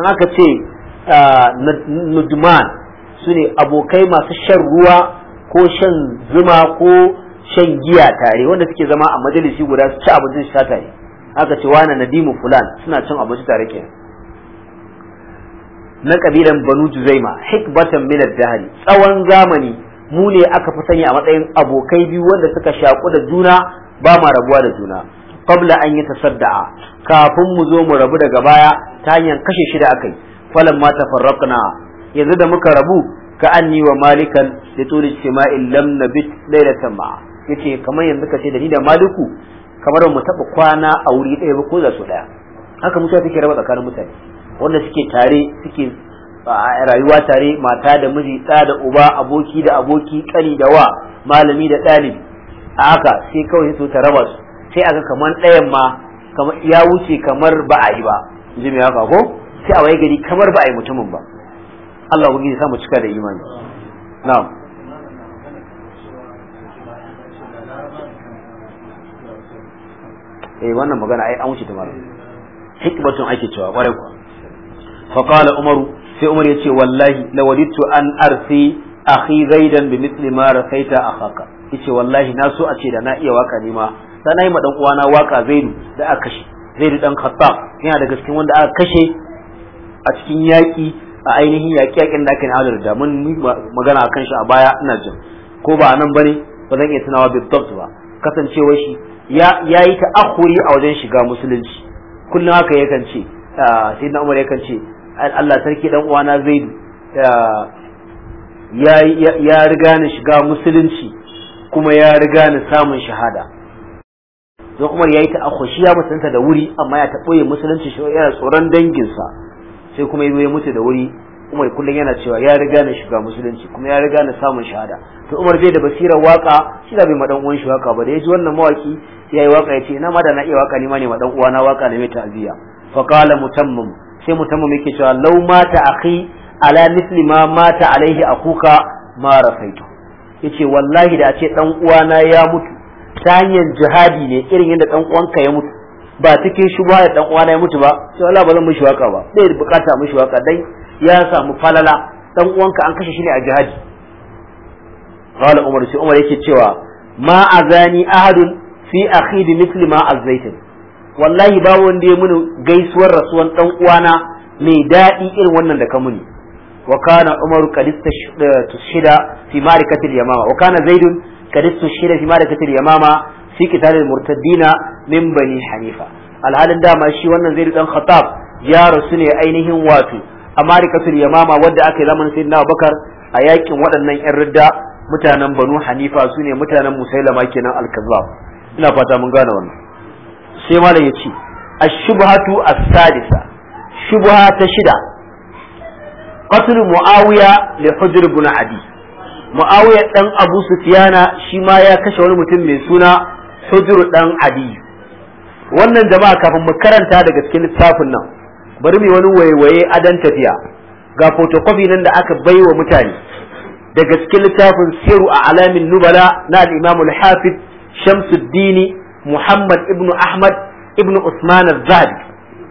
S1: an aka ce nudman su ne abokai masu shan ruwa ko shan zuma ko shan giya tare wanda suke zama a majalisi guda su ci abincin sha tare aka ce wani nadimu fulan suna cin abinci tare ke na kabilan banu juzaima hikbatan min ad tsawon zamani mu ne aka fi sani a matsayin abokai biyu wanda suka shaku da juna ba ma rabuwa da juna qabla an yi tasadda'a kafin mu zo mu rabu daga baya ta hanyar kashe shida da akai falan ma tafarraqna yanzu da muka rabu ka anni wa malikan da tuli jima'in lam nabit laylatan ma yace kamar yanzu ka ce da ni da maliku kamar mu taba kwana a wuri ɗaya ba ko za su ɗaya haka mutane take raba tsakanin mutane wanda suke tare suke rayuwa tare mata da miji ɗa da uba aboki da aboki ƙani da wa malami da ɗalibi a haka sai kawai su ta raba su sai aka kamar ɗayan ma ya wuce kamar ba a yi ba ji me haka ko sai a waye gari kamar ba a yi mutumin ba Allah ubangiji ya samu cika da imani na'am eh wannan magana ai an wuce ta mara hikmatun ake cewa kwarai kuwa fa qala umaru sai umar yace wallahi lawalittu an arsi akhi zaidan bi mithli ma rasaita akhaka yace wallahi na so a ce da na iya waka ne ma dan nayi ma dan uwana waka Zaidu da aka kashe Zaidu dan Khattab yana da cikin wanda aka kashe a cikin yaki a ainihin yaki yakin da aka yi da mun magana akan shi a baya ina jin ko ba nan bane ba zan iya tunawa bi ba kasancewar shi ya yayi ta akhuri a wajen shiga musulunci kullum haka yakan ce sayyidina Umar yakan ce Allah sarki dan uwana Zaidu ya riga ni shiga musulunci kuma ya riga ni samun shahada don umar ya yi ta ya musulunta da wuri amma ya ta ɓoye musulunci shi yana tsoron danginsa sai kuma ya ya mutu da wuri umar kullum yana cewa ya riga ni shiga musulunci kuma ya riga ni samun shahada to umar bai da basirar waka shi da bai ma dan uwan shi waka ba da ya ji wannan mawaki ya yi waka ya ce ina ma da na iya waka ni ma ne ma dan uwana waka da mai ta'aziyya fa qala mutammim sai mutammim yake cewa law mata akhi ala misli ma mata alaihi akuka ma rafaitu yace wallahi da a ce dan uwana ya mutu ta hanyar jihadi ne irin yadda dan uwanka ya mutu ba cikin ba da dan uwana ya mutu ba sai wallahi ba zan mishi waka ba bai bukata mishi waka dai ya samu falala dan uwanka an kashe shi ne a jihadi qala umar sai umar yake cewa ma azani ahadun fi akhi bi misli ma azaitin wallahi ba wanda ya muni gaisuwar rasuwan dan uwana mai daɗi irin wannan da ka muni وكان عمر قد استشهد في معركة اليمامة وكان زيد قد استشهد في معركة اليمامة في قتال المرتدين من بني حنيفة الحال دا ما شي wannan زيد dan Khattab ya rasu ne ainihin wato a marikatul yamama wadda aka yi zamanin sayyidina Abubakar a yakin waɗannan ƴan ridda mutanen Banu Hanifa su ne mutanen Musailama kenan al-Kazzab ina fata mun gane wannan sai malam ya ce ash-shubhatu as-sadisa shubha ta shida قتل معاوية لحجر بن عدي abu دان shi ma ya kashe wani mutum mai suna حجر دان عدي wannan jama'a kafin mu karanta daga cikin littafin nan bari mu wani a adan tafiya ga photocopy nan da aka baiwa mutane daga cikin littafin siru a alamin nubala na al-imam al-hafiz shamsuddini muhammad ibnu ahmad ibnu usman al-zahabi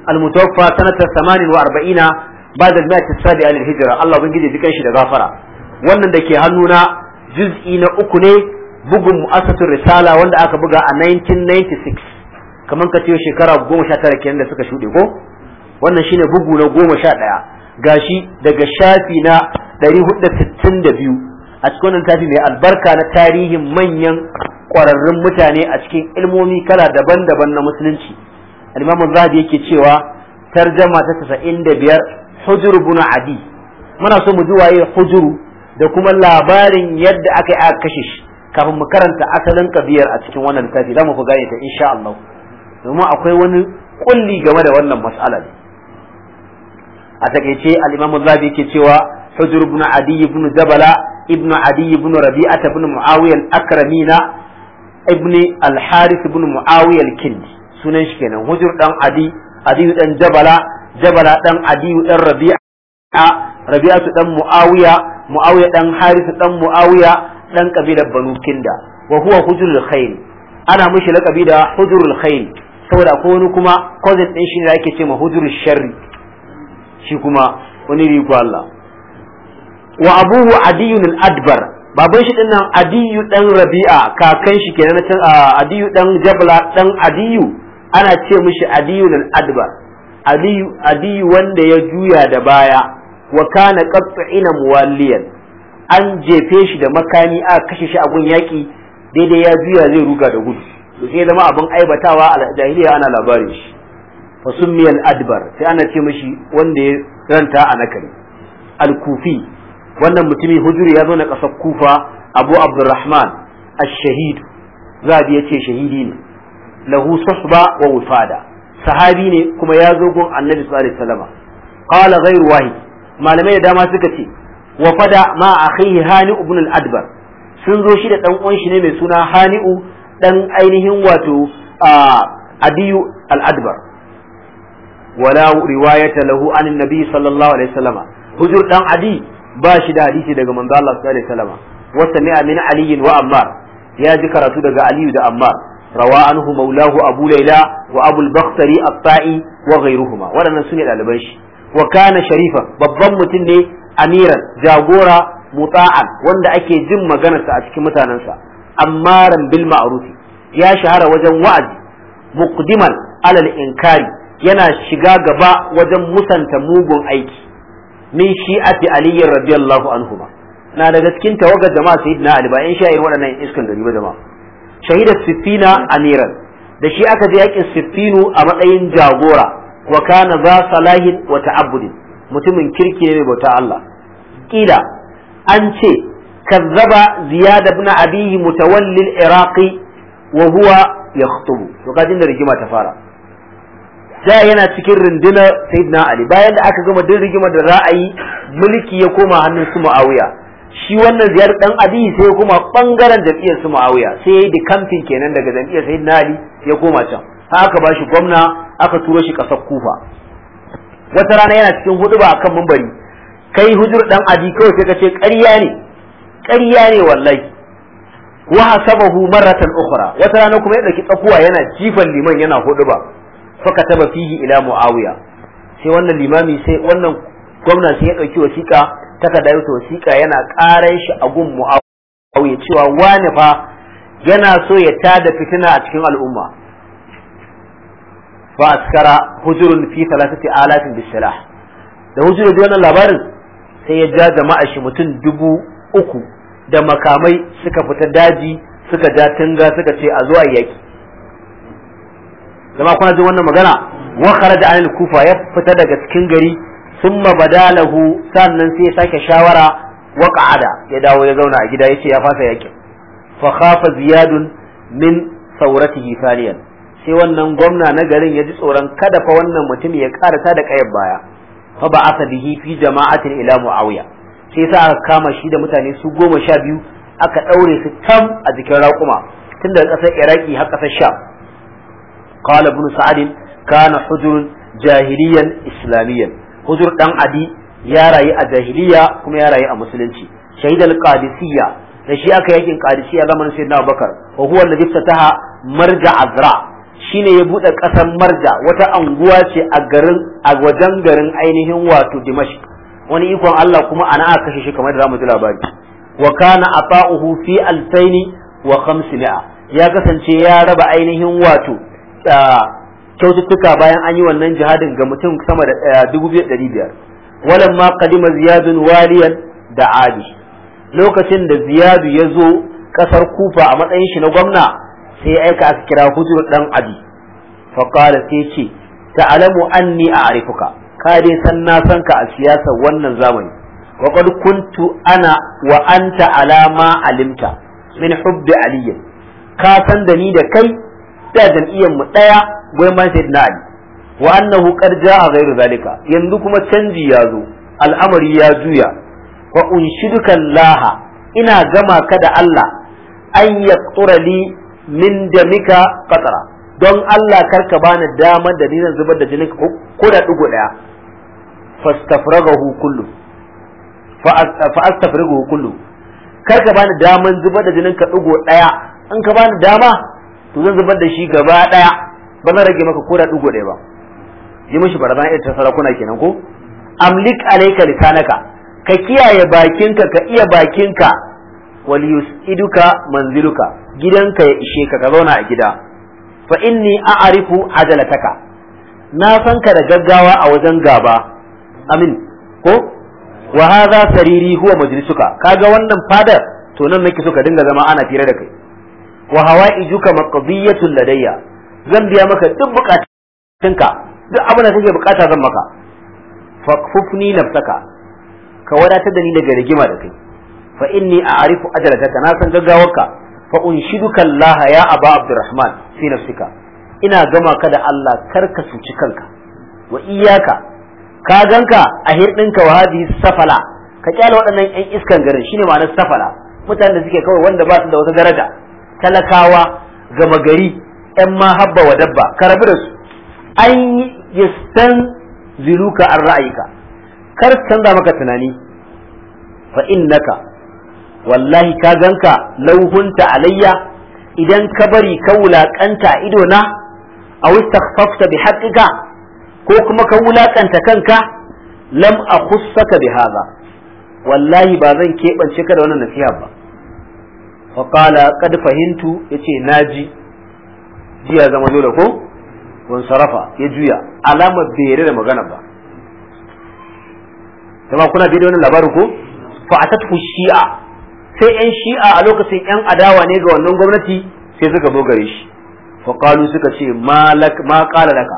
S1: al-mutawaffa sanata 48 ba da mai tisabi alil hijira Allah ubangiji dukan shi da gafara wannan da ke hannu na juz'i na uku ne bugun mu'assatul risala wanda aka buga a 1996 kamar ka ce shekara 19 kenan da suka shuɗe ko wannan shine bugu na ɗaya, ga shi daga shafi na 462 a cikin wannan tafi mai albarka na tarihin manyan ƙwararrun mutane a cikin ilmomi kala daban-daban na musulunci al-imam zahabi yake cewa tarjama ta 95 hujur bin adi muna so mu ji waye hujuru da kuma labarin yadda aka yi aka kashe shi kafin mu karanta asalin kabiyar a cikin wannan littafi za mu fi gane ta insha Allah domin akwai wani kulli game da wannan mas'ala ne a takeice al-Imam Zabi yake cewa hujur bin Adi ibn Jabala ibn Adi ibn Rabi'ah ibn Muawiya al-Akramina ibn al-Harith ibn Muawiya al-Kindi sunan shi kenan hujur dan Adi Adi dan Jabala jabala ɗan adiyu dan rabi'a su ɗan muawiya muawiya dan harisu dan muawiya dan kabilar banu kinda wa huwa hujrul khayl ana mishi laqabi da hujrul khayl saboda ko wani kuma cousin ɗin shi ne ake ce ma hujrul sharri shi kuma wani riko Allah wa abuhu adiyun al-adbar baban shi dinnan adiyu dan rabi'a kakan shi kenan adiyu dan jabla dan adiyu ana ce mishi adiyun al-adbar adi wanda ya juya da baya wa kana ina muwalliyan an jefe shi da makami a kashe shi a gun yaki daidai ya juya zai ruga da gudu to sai zama abin aibatawa a jahiliya ana labarin shi fa adbar sai ana ce mishi wanda ya ranta a nakari al-kufi wannan mutumin hujuri ya zo na kasar kufa abu abdurrahman ash-shahid zabi yace shahidi ne lahu sahba wa wufada sahabi ne kuma ya zo gun annabi sallallahu alaihi wasallam qala ghairu wahid malamai da dama suka ce wa fada ma akhihi hani ibn al-adbar sun zo shi da dan uwan shi ne mai suna hani'u dan ainihin wato adiyu al-adbar wala riwayata lahu an nabi sallallahu alaihi wasallam hujur dan adi ba shi da hadisi daga manzo Allah sallallahu alaihi wasallam wa sami'a min ali wa ammar ya ji karatu daga aliyu da ammar rawa anhu maulahu abu laila wa abu al-bakhtari at-ta'i wa ghayruhuma waɗannan sune ɗaliban shi wa kana sharifa babban mutum ne amiran jagora muta'an wanda ake jin maganarsa a cikin mutanensa ammaran bil ma'rufi ya shahara wajen wa'azi muqdiman alal inkari yana shiga gaba wajen musanta mugun aiki min shi'ati aliyyar radiyallahu anhuma na daga cikin tawagar jama'a sayyidina ali ba in sha yin waɗannan iskan gari jama'a shahida sifina amiran da shi aka je yakin sifinu a matsayin jagora wa kana za salahin wa ta'abbudin mutumin kirki ne bauta Allah Ƙila. an ce kazzaba ziyad na abihi mutawalli al-iraqi wa huwa yakhtubu to da rigima ta fara da yana cikin rundunar sayyidina ali bayan da aka gama din rigima da ra'ayi mulki ya koma hannun su muawiya shi wannan ziyar dan abi sai kuma bangaren jam'iyyar su muawiya sai yayi kamfin kenan daga jam'iyyar sai nali ya koma can haka bashi gwamna aka turo shi kasar kufa wata rana yana cikin ba akan mumbari kai hujur dan abi kawai sai ka ce ƙarya ne ƙarya ne wallahi wa hasabahu maratan ukhra wata rana kuma ya dauki tsakuwa yana jifan liman yana huduba faka taba fihi ila muawiya sai wannan limami sai wannan gwamna sai ya dauki wasiƙa takarda ya wasiƙa yana ƙaran shi a gun mu'awiya cewa wani fa yana so ya tada fitina a cikin al'umma fa askara hujurun fi talatati alatin bisalah da hujurun da wannan labarin sai ya ja jama'a shi mutum dubu uku da makamai suka fita daji suka ja tunga suka ce a zuwa yaki zama kuna ji wannan magana wa kharaja anil kufa ya fita daga cikin gari summa badalahu sannan sai sake shawara wa qa'ada ya dawo ya zauna a gida yace ya fasa yakin fa khafa ziyadun min sauratihi thaniyan sai wannan gwamna na garin ya ji tsoron kada fa wannan mutum ya karata da kayar baya fa asa bihi fi jama'atin ila muawiya sai sa aka kama shi da mutane su goma sha biyu aka daure su tam a jikin raƙuma Tunda daga ƙasar iraki har ƙasar sha qala ibn sa'ad kana hujrun jahiliyan islamiyan huzur ɗan adi ya rayu a jahiliya kuma ya rayu a musulunci al qadisiyya da shi aka yakin qadisiyya zamanin sayyidina abubakar wa huwa alladhi fataha marja azra shine ya bude kasar marja wata anguwa ce a garin a wajen garin ainihin wato Dimash, wani ikon Allah kuma ana aka kashe shi kamar da zamu ji labari wa kana ata'uhu fi al-tayni wa khamsimi'a ya kasance ya raba ainihin wato ah, kyaututtuka bayan an yi wannan jihadin ga mutum sama da eh, dubu biyar walan ma kadima ziyadun waliyan da adi lokacin da ziyadu ya zo kasar kufa a matsayin shi na gwamna sai ya aika aka kira hujur dan abi fa qala sai ce ni anni a'rifuka ka dai san na san ka a siyasar wannan zamani wa kuntu ana wa'anta alama alimta min hubbi Aliyu. ka san da ni da kai ta jam'iyyar mu daya goyon bayan na ali wa annahu qad jaa ghayru zalika yanzu kuma canji ya zo al'amari ya juya wa unshiduka Allah ina gama ka da Allah an yaqtura li min damika qatra don Allah karka bani damar da ni zan zubar da jinin ko da digo daya fastafragahu kullu fa astafragahu kullu karka bani daman zubar da jinin ka digo daya in ka bani dama to zan zubar da shi gaba daya ba zan rage maka koda dugo daya ba yi mishi barazana irin sarakuna kenan ko amlik alayka lisanaka ka kiyaye bakinka ka iya bakinka waliyus iduka manziluka gidanka ya ishe ka ka zauna a gida fa inni a'rifu ajalataka na san ka da gaggawa a wajen gaba amin ko wa hadha sariri huwa majlisuka kaga wannan fadar to nan nake so ka dinga zama ana fira da kai wa hawaijuka maqdiyatul ladayya zan biya maka duk bukatunka duk abin da kake bukata zan maka fakfufni nafsaka ka wadatar da ni daga rigima da kai fa inni a'rifu ajalaka na san gaggawarka fa unshiduka Allah ya aba Abdurrahman fi nafsika ina gama ka da Allah kar ka suci kanka wa iyaka ka ganka a hirɗinka wa hadhihi safala ka kyale waɗannan ƴan iskan garin shine ma'anar safala mutanen da suke kawai wanda ba su da wata daraja talakawa gama gari ‘yan ma habba wa dabba ka rabu da su an yastan ziluka an ra'ayika kar canza maka tunani fa innaka wallahi ka ganka lauhunta alayya idan ka bari ka wulakanta ido na aw istaghfafta bi haqqika ko kuma ka wulaƙanta kanka lam akhussaka bi hadha wallahi ba zan keɓance ka da wannan nasiha ba fa qala qad fahimtu ji, ji jiya zama dole ko wani sarrafa ya juya alama bere da magana ba zama kuna bi wani labarin ko fa ku shi'a sai yan shi'a a lokacin yan adawa ne ga wannan gwamnati sai suka zo gare shi fa suka ce ma kala daka,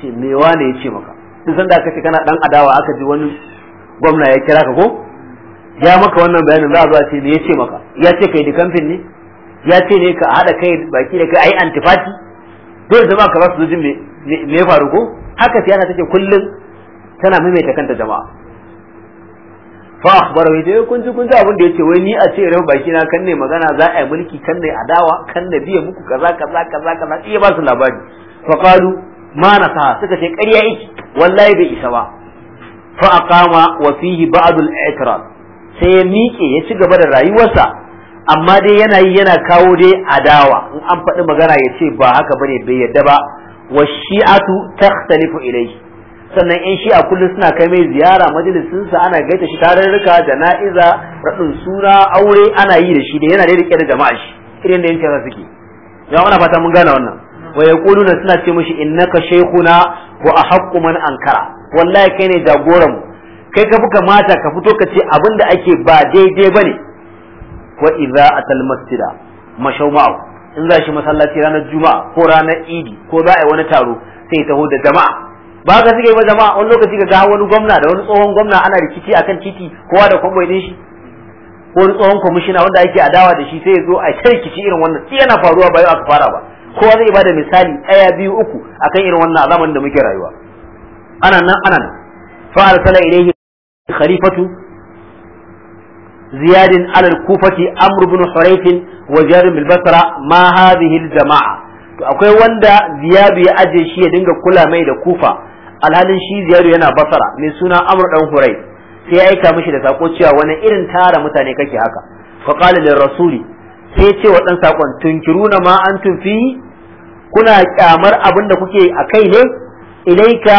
S1: ce me ya ce maka duk sanda aka ce kana dan adawa aka ji wani gwamna ya kira ka ko ya maka wannan bayanin za a zuwa ce me ce maka ya ce kai da kamfin ne ya ce ne ka haɗa kai baki da kai ayi antifati dole jama'a ka ba su jin me ya faru ko haka siyasa take kullum tana maimaita kanta jama'a fa akhbara wai dai eh, kun ji kun ji abin da yace wai ni a ce rabu baki na kan ne magana za a yi mulki kan ne adawa kan ne biye muku kaza kaza kaza kaza iya ba su labari fa qalu ma nasa suka ce ƙarya yake wallahi bai isa ba fa aqama wa fihi ba'd al-i'tirad sai ya miƙe ya ci gaba da rayuwarsa amma dai yana yi yana kawo dai adawa in an faɗi magana ya ce ba haka bane bai yadda ba wa shi'atu takhtalifu ilayhi sannan in shi'a kullum suna kai mai ziyara majalisinsa ana gaita shi tarurruka jana'iza raɗin suna aure ana yi da shi da yana da rike da jama'a shi irin da yanke suke ya ana fata mun gane wannan wa yaquluna suna ce mishi innaka shaykhuna wa ahaqqu man ankara wallahi kai ne jagoran mu kai ka fi kamata ka fito ka ce abin da ake ba daidai ba ne wa idza atal masjida mashau ma'u in za shi masallaci ranar juma'a ko ranar idi ko za a yi wani taro sai ya taho da jama'a ba ka suke ba jama'a wani lokaci ka ga wani gwamna da wani tsohon gwamna ana rikici akan titi kowa da kwambai din shi ko wani tsohon kwamishina wanda ake adawa da shi sai ya zo a ta rikici irin wannan sai yana faruwa ba yau aka fara ba kowa zai bada misali ɗaya biyu uku akan irin wannan alamar da muke rayuwa ana nan ana nan fa arsala ilayhi khalifatu زياد على الكوفة أمر بن حريث وجار بالبصرة ما هذه الجماعة akwai wanda ziyadu ya ajiye shi ya dinga kula mai da kufa alhalin shi ziyadu yana basara mai suna amr dan hurai sai ya aika mishi da sako cewa wani irin tara mutane kake haka fa qala lir rasuli sai ce wa dan sakon tunkiruna ma an fi kuna kyamar abin da kuke akai ne ilaika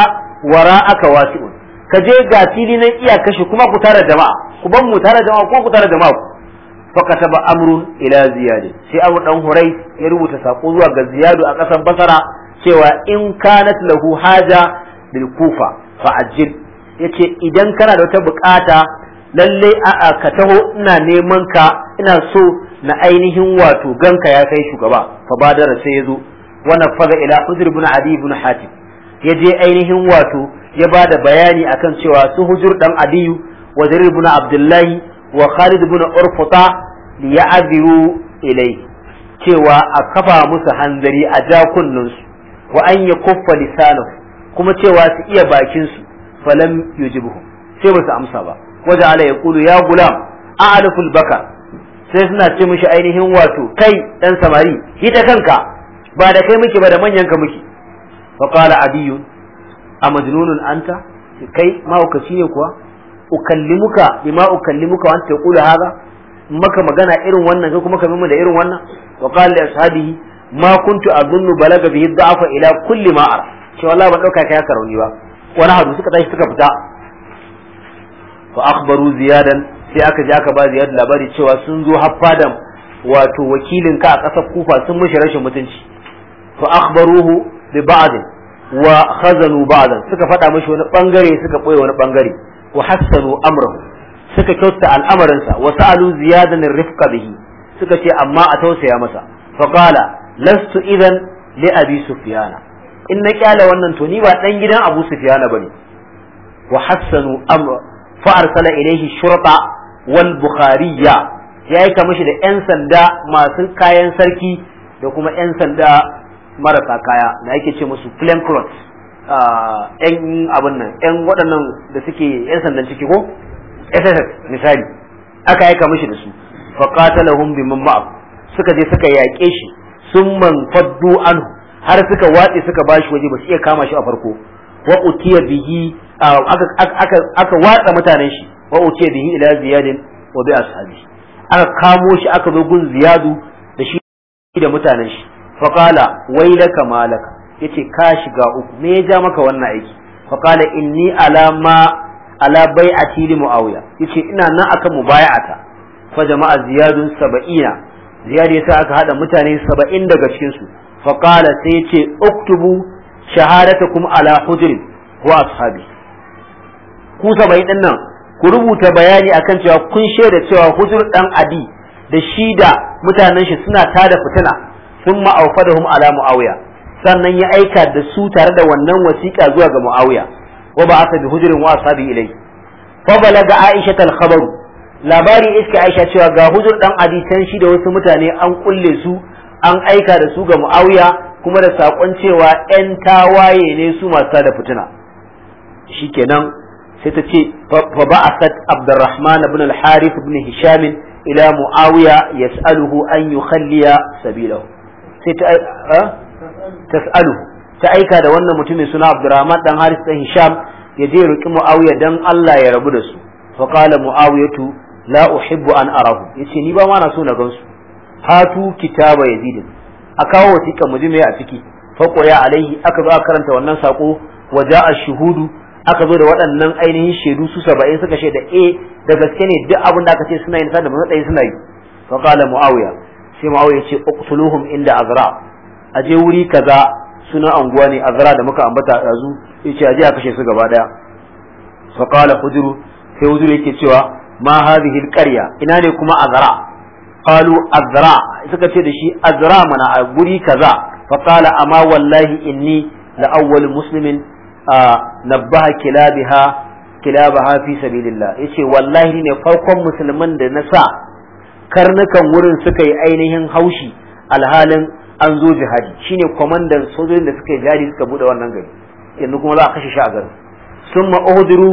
S1: aka wasi'un ka je ga fili nan iya kashe kuma ku tara jama'a ku ban mu tara jama'a kuma ku tara jama'a fa kataba amrun ila Ziyadi. sai abu dan hurai ya rubuta sako zuwa ga ziyadu a kasan basara cewa in kanat lahu haja bil kufa fa ajil yace idan kana da wata bukata lalle a ka taho ina neman ka ina so na ainihin wato ganka ya kai shugaba fa badara sai yazo wa nafaza ila udr ibn adi ibn hatib ya je ainihin wato ya ba da bayani akan cewa su hujur dan adiyu wa jarir ibn abdullahi wa khalid ibn urfuta ya'ziru ilai cewa a kafa musu hanzari a jakunnan su wa an ya kuffa lisanu kuma cewa su iya bakin su falam yujibuhu sai ba su amsa ba waje ala yaqulu ya gulam a'riful baka sai suna ce mishi ainihin wato kai dan samari hita kanka ba da kai muke ba da manyan ka muke fa qala adiyu a majnunun anta kai mahaukaci ne kuwa ukallimuka bima ukallimuka wa anta yaqulu hadha maka magana irin wannan kai kuma ka mimu da irin wannan wa qala li ashabihi ma kuntu adunnu balaga bihi da'afa ila kulli ma ara ce wallahi ban dauka kai ka rauni ba wani hadu suka tashi suka fita fa akhbaru ziyadan sai aka je aka ba ziyad labari cewa sun zo haffadan wato wakilin ka a kasar kufa sun mushi rashin mutunci fa akhbaruhu bi ba'd wa khazanu ba'dan suka faɗa mashi wani bangare suka boye wani bangare wa hassanu amrahu suka kyauta al'amarinsa wa sa'alu ziyadan rifqa bihi suka ce amma a tausaya masa fa qala lastu idan li abi sufyana in na kyala wannan to ni ba dan gidan abu sufyana bane wa hassanu amra fa arsala ilayhi shurta wal bukhariya ya aika mishi da yan sanda masu kayan sarki da kuma yan sanda marasa kaya da ake ce musu plain clothes yan ah, abin nan yan waɗannan da suke yan sandan ciki ko sss misali aka aika mishi da su faqatalahum bimman ma'a suka je suka yaƙe shi sun man faddu anhu har suka watsi suka bashi waje ba su iya kama shi a farko wa utiya bihi ah, aka watsa mutanen shi wa utiya bihi ila ziyadin wa bi ashabi aka kamo shi aka zo gun ziyadu da shi da mutanen shi wai wailaka malaka yace ka shiga uku me ya ja maka wannan aiki faqala inni ala ma ala bai'ati li muawiya yace ina nan a ta. fa jama'a ziyadun saba'ina ya yasa aka hada mutane 70 daga cikin su faqala sai yace uktubu kuma ala hujrin wa ashabi ku 70 din nan ku rubuta bayani akan cewa kun shaida cewa hujur dan adi da shi da mutanen shi suna tada fitina thumma awfadahum ala muawiya sannan ya aika da su tare da wannan wasiƙa zuwa ga muawiya wa ba'atha bi wa ilai fa aisha al labari iske aisha cewa ga hujur dan aditan shi da wasu mutane an kulle su an aika da su ga muawiya kuma da sakon cewa yan tawaye ne su masu da fitina shikenan sai ta ce fa ba'athat abdurrahman ibn al harith ibn hisham ila muawiya yas'aluhu an yukhalliya sabilahu sai ta eh, tas'alu ta aika da wannan mutumin suna Abdurrahman dan Haris dan Hisham ya je roki Muawiya dan Allah ya rabu da su fa qala Muawiyatu la uhibbu an arahu yace ni ba ma na so na gansu hatu kitaba yazid a kawo wasiƙa mu a ciki fa qoya alaihi aka zo karanta wannan sako wa jaa shuhudu aka zo da waɗannan ainihin shaidu su saba'in suka shaida eh da gaske ne duk abin da aka ce suna yin sa da matsayin suna yi fa qala muawiya sai ya ce uqtuluhum inda azra aje wuri kaza suna anguwa ne azra da muka ambata dazu yace aje a kashe su gaba daya fa qala hujru sai hujru yake cewa ma hadhihi alqarya ina ne kuma azra qalu azra suka ce da shi azra mana a guri kaza fa qala amma wallahi inni la awwal muslimin nabbaha kilabiha kilabaha fi sabilillah yace wallahi ne farkon musulman da na sa karnukan wurin suka yi ainihin haushi alhalin an zo jihadi shine kwamandan sojojin da suka yi jihadi suka bude wannan gari yanzu kuma za a kashe shi a garin sun ma'udiru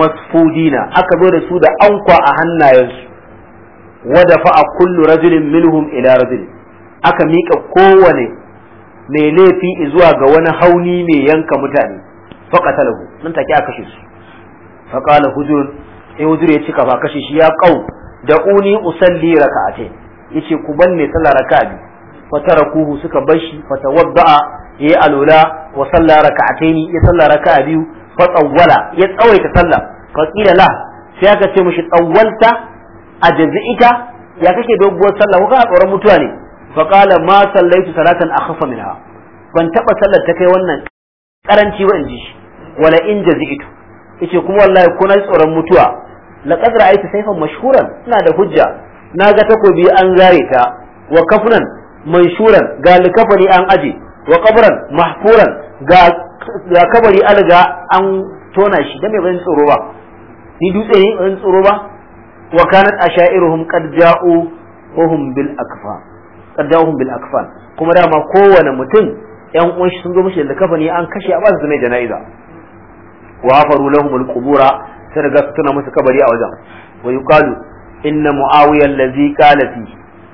S1: masfudina aka zo da su da ankwa a hannayensu wada a kullu rajulin milhum ila rajulin aka miƙa kowane mai laifi zuwa ga wani hauni mai yanka mutane faqatalahu nan take aka kashe su faqala hujur sai hujur ya cika ba kashe shi ya ƙau. da uni usalli raka'atai yace ku banne sallah raka'ati fa tarakuhu suka bashi tawadda'a yayi alula wa salla raka'ataini ya salla raka'a biyu fa tsawwala ya tsawaita sallah fa qila la sai aka ce tsawalta tsawwalta jazi'ita. ya kake doguwar sallah ko ka tsoron mutuwa ne fa qala ma sallaitu salatan akhaffa minha ban taba sallar ta kai wannan karanci ba in ji shi wala in jazi'tu yace kuma wallahi ko na tsoron mutuwa laqad ra'aytu sayfan mashhuran ina da hujja na ga takobi an zare ta wa kafnan manshuran ga likafani an aje wa qabran mahfuran ga ga kabari an an tona shi da me ban tsoro ba ni dutse ne ban tsoro ba wa kanat ashairuhum qad ja'u hum bil akfa qad ja'uhum bil akfan kuma dama kowane mutum yan uwan shi sun zo mishi da kafani an kashe a ba su mai jana'iza wa faru lahum al qubura sai daga su tuna musu kabari a wajen wa yuqalu inna muawiya allazi qala fi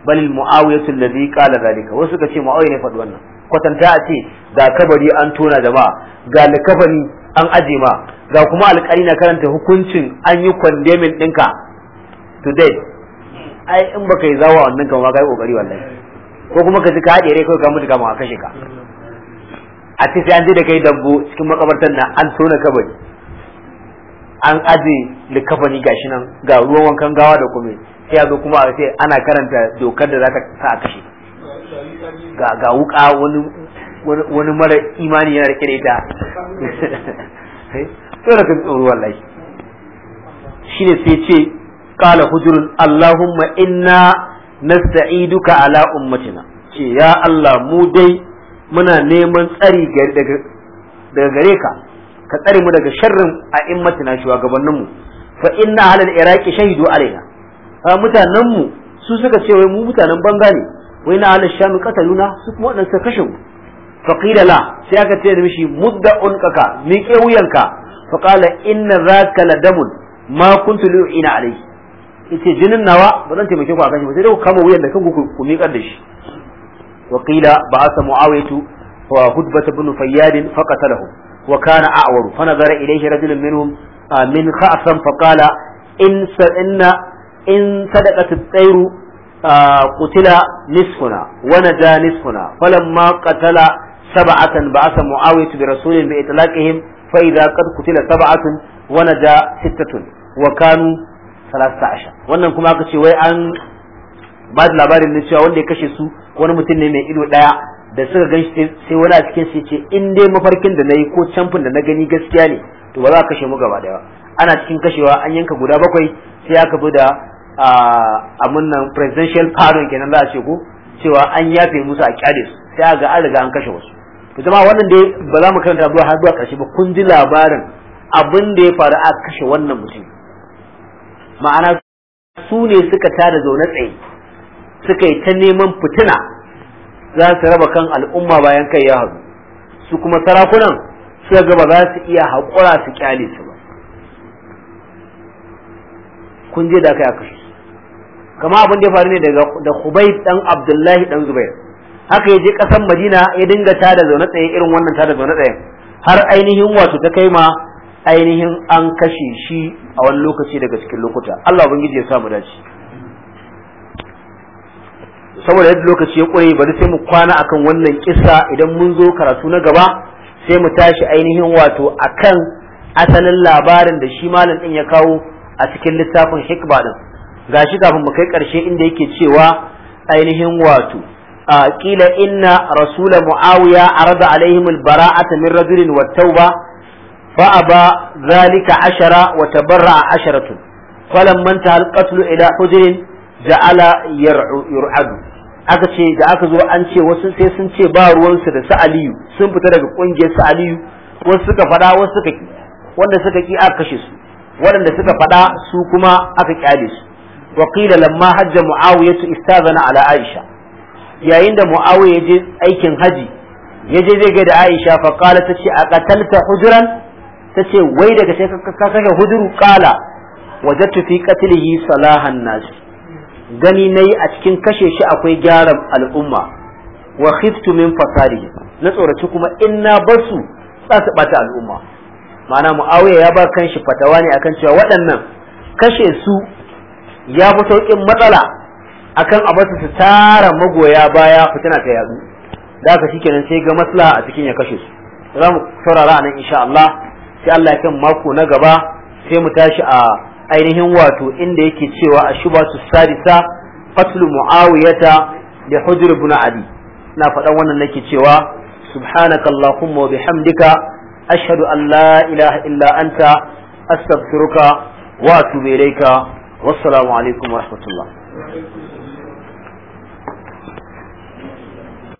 S1: bal muawiyatu allazi qala zalika wasu suka ce muawiya ne faɗi wannan kwatanta a ce ga kabari an tona jama'a ga likafani an aje ma ga kuma alƙali na karanta hukuncin an yi kwandemin ɗinka today ai in baka yi zawa wannan kan ma kai kokari wallahi ko kuma ka ji ka haɗe rai kai ka mutu kama a kashe ka a ce sai an je da kai dabbo cikin makabartar na an tona kabari an aje likafani gashi nan ga ruwan wankan gawa da kuma sai a zo kuma a sai ana karanta dokar da za ta sa a kashe ga ga wuka wani wani mara imani yana rike da ita sai eh, da kan tsoro wallahi shine sai ce qala hujurun allahumma inna nasta'iduka ala ummatina ce ya allah mu dai muna neman tsari daga gare ka ka tsare mu daga sharrin a'immatina shugabannin mu fa inna ahlal iraqi shahidu alaina fa mutanen mu su suka ce wai mu mutanen banga ne wai na ahlal sham qataluna su kuma wadannan suka kashe mu fa qila la sai aka ce da mishi mudda unqaka miƙe wuyanka fa qala inna zaka ladamun ma kuntu lu'ina alayhi yace jinin nawa ba zan taimake ku akan shi ba sai dai ku kama wuyan da kanku ku miƙar da shi wa qila ba'asa muawiyatu wa hudbata ibn fayyad faqatalahu wa kana a'waru fa nazara ilayhi rajulun minhum min kha'san fa qala in sa inna in sadaqat at-tayru qutila nisfuna wa naja nisfuna falamma qatala sab'atan ba'atha muawiyah bi rasulin bi itlaqihim fa idza qad qutila sab'atun wa naja sittatun wa kanu 13 wannan kuma aka ce wai an ba labarin ne wanda ya kashe su wani mutum ne mai ido ɗaya. da suka gan shi sai wani a cikin su ce in dai mafarkin da na yi ko camfin da na gani gaskiya ne to ba za a kashe mu gaba daya ana cikin kashewa an yanka guda bakwai sai aka bi da abin nan presidential pardon kenan za a ce ko cewa an yafe musu a kyale su sai a ga an riga an kashe wasu to jama'a wannan dai ba za mu karanta ba har zuwa karshe ba kun ji labarin abin da ya faru a kashe wannan mutum ma'ana su ne suka tada zaune tsaye suka yi ta neman fitina za su raba kan al'umma bayan kai ya haɗu su kuma sarakunan su ga ba za su iya haƙura su kyale su ba kun je da aka aka shi kama abin da ya faru ne da Hubai dan Abdullahi dan Zubair haka ya je ƙasar Madina ya dinga tada zaune tsaye irin wannan tada zaune tsaye har ainihin wato ta kai ma ainihin an kashe shi a wani lokaci daga cikin lokuta Allah ubangiji ya samu dace saboda yadda lokaci ya ƙure bari sai mu kwana akan wannan kisa idan mun zo karatu na gaba sai mu tashi ainihin wato akan asalin labarin da shi malam din ya kawo a cikin littafin hikba din gashi kafin mu kai ƙarshe inda yake cewa ainihin wato a kila inna rasula muawiya arada alaihim albara'ata min rajulin wa tauba fa aba zalika ashara wa tabarra'a asharatu falamma intahal qatlu ila hujrin ja'ala yur'adu aka ce da aka zo an ce wasu sai sun ce ba ruwansu da sa'aliyu sun fita daga kungiyar sa'aliyu wasu suka faɗa wasu suka ki wanda suka ki aka kashe su waɗanda suka faɗa su kuma aka kyale su wa qila lamma hajja muawiyatu istazana ala aisha yayin da muawiya ya je aikin haji ya je zai da aisha fa qala tace a qatalta hujran tace wai daga sai ka kashe hujuru qala wajadtu fi qatlihi salahan nasi gani nayi a cikin kashe shi akwai gyaran al'umma wa khiftu min na tsoraci kuma in na bar su za su bata al'umma ma'ana muawiya ya ba kanshi fatawa ne akan cewa waɗannan kashe su ya fi sauƙin matsala akan a basu su tara magoya baya fitina ta yadu da haka shikenan sai ga maslaha a cikin ya kashe su za mu saurara a nan insha Allah sai Allah ya kan mako na gaba sai mu tashi a ainihin wato inda yake cewa a su sadisa fatlu muawiyata da hujjar ibn ali na faɗan wannan nake cewa subhanaka allahumma wa bihamdika ashhadu an la ilaha illa anta astaghfiruka wa atubu ilayka wassalamu alaikum wa
S2: rahmatullah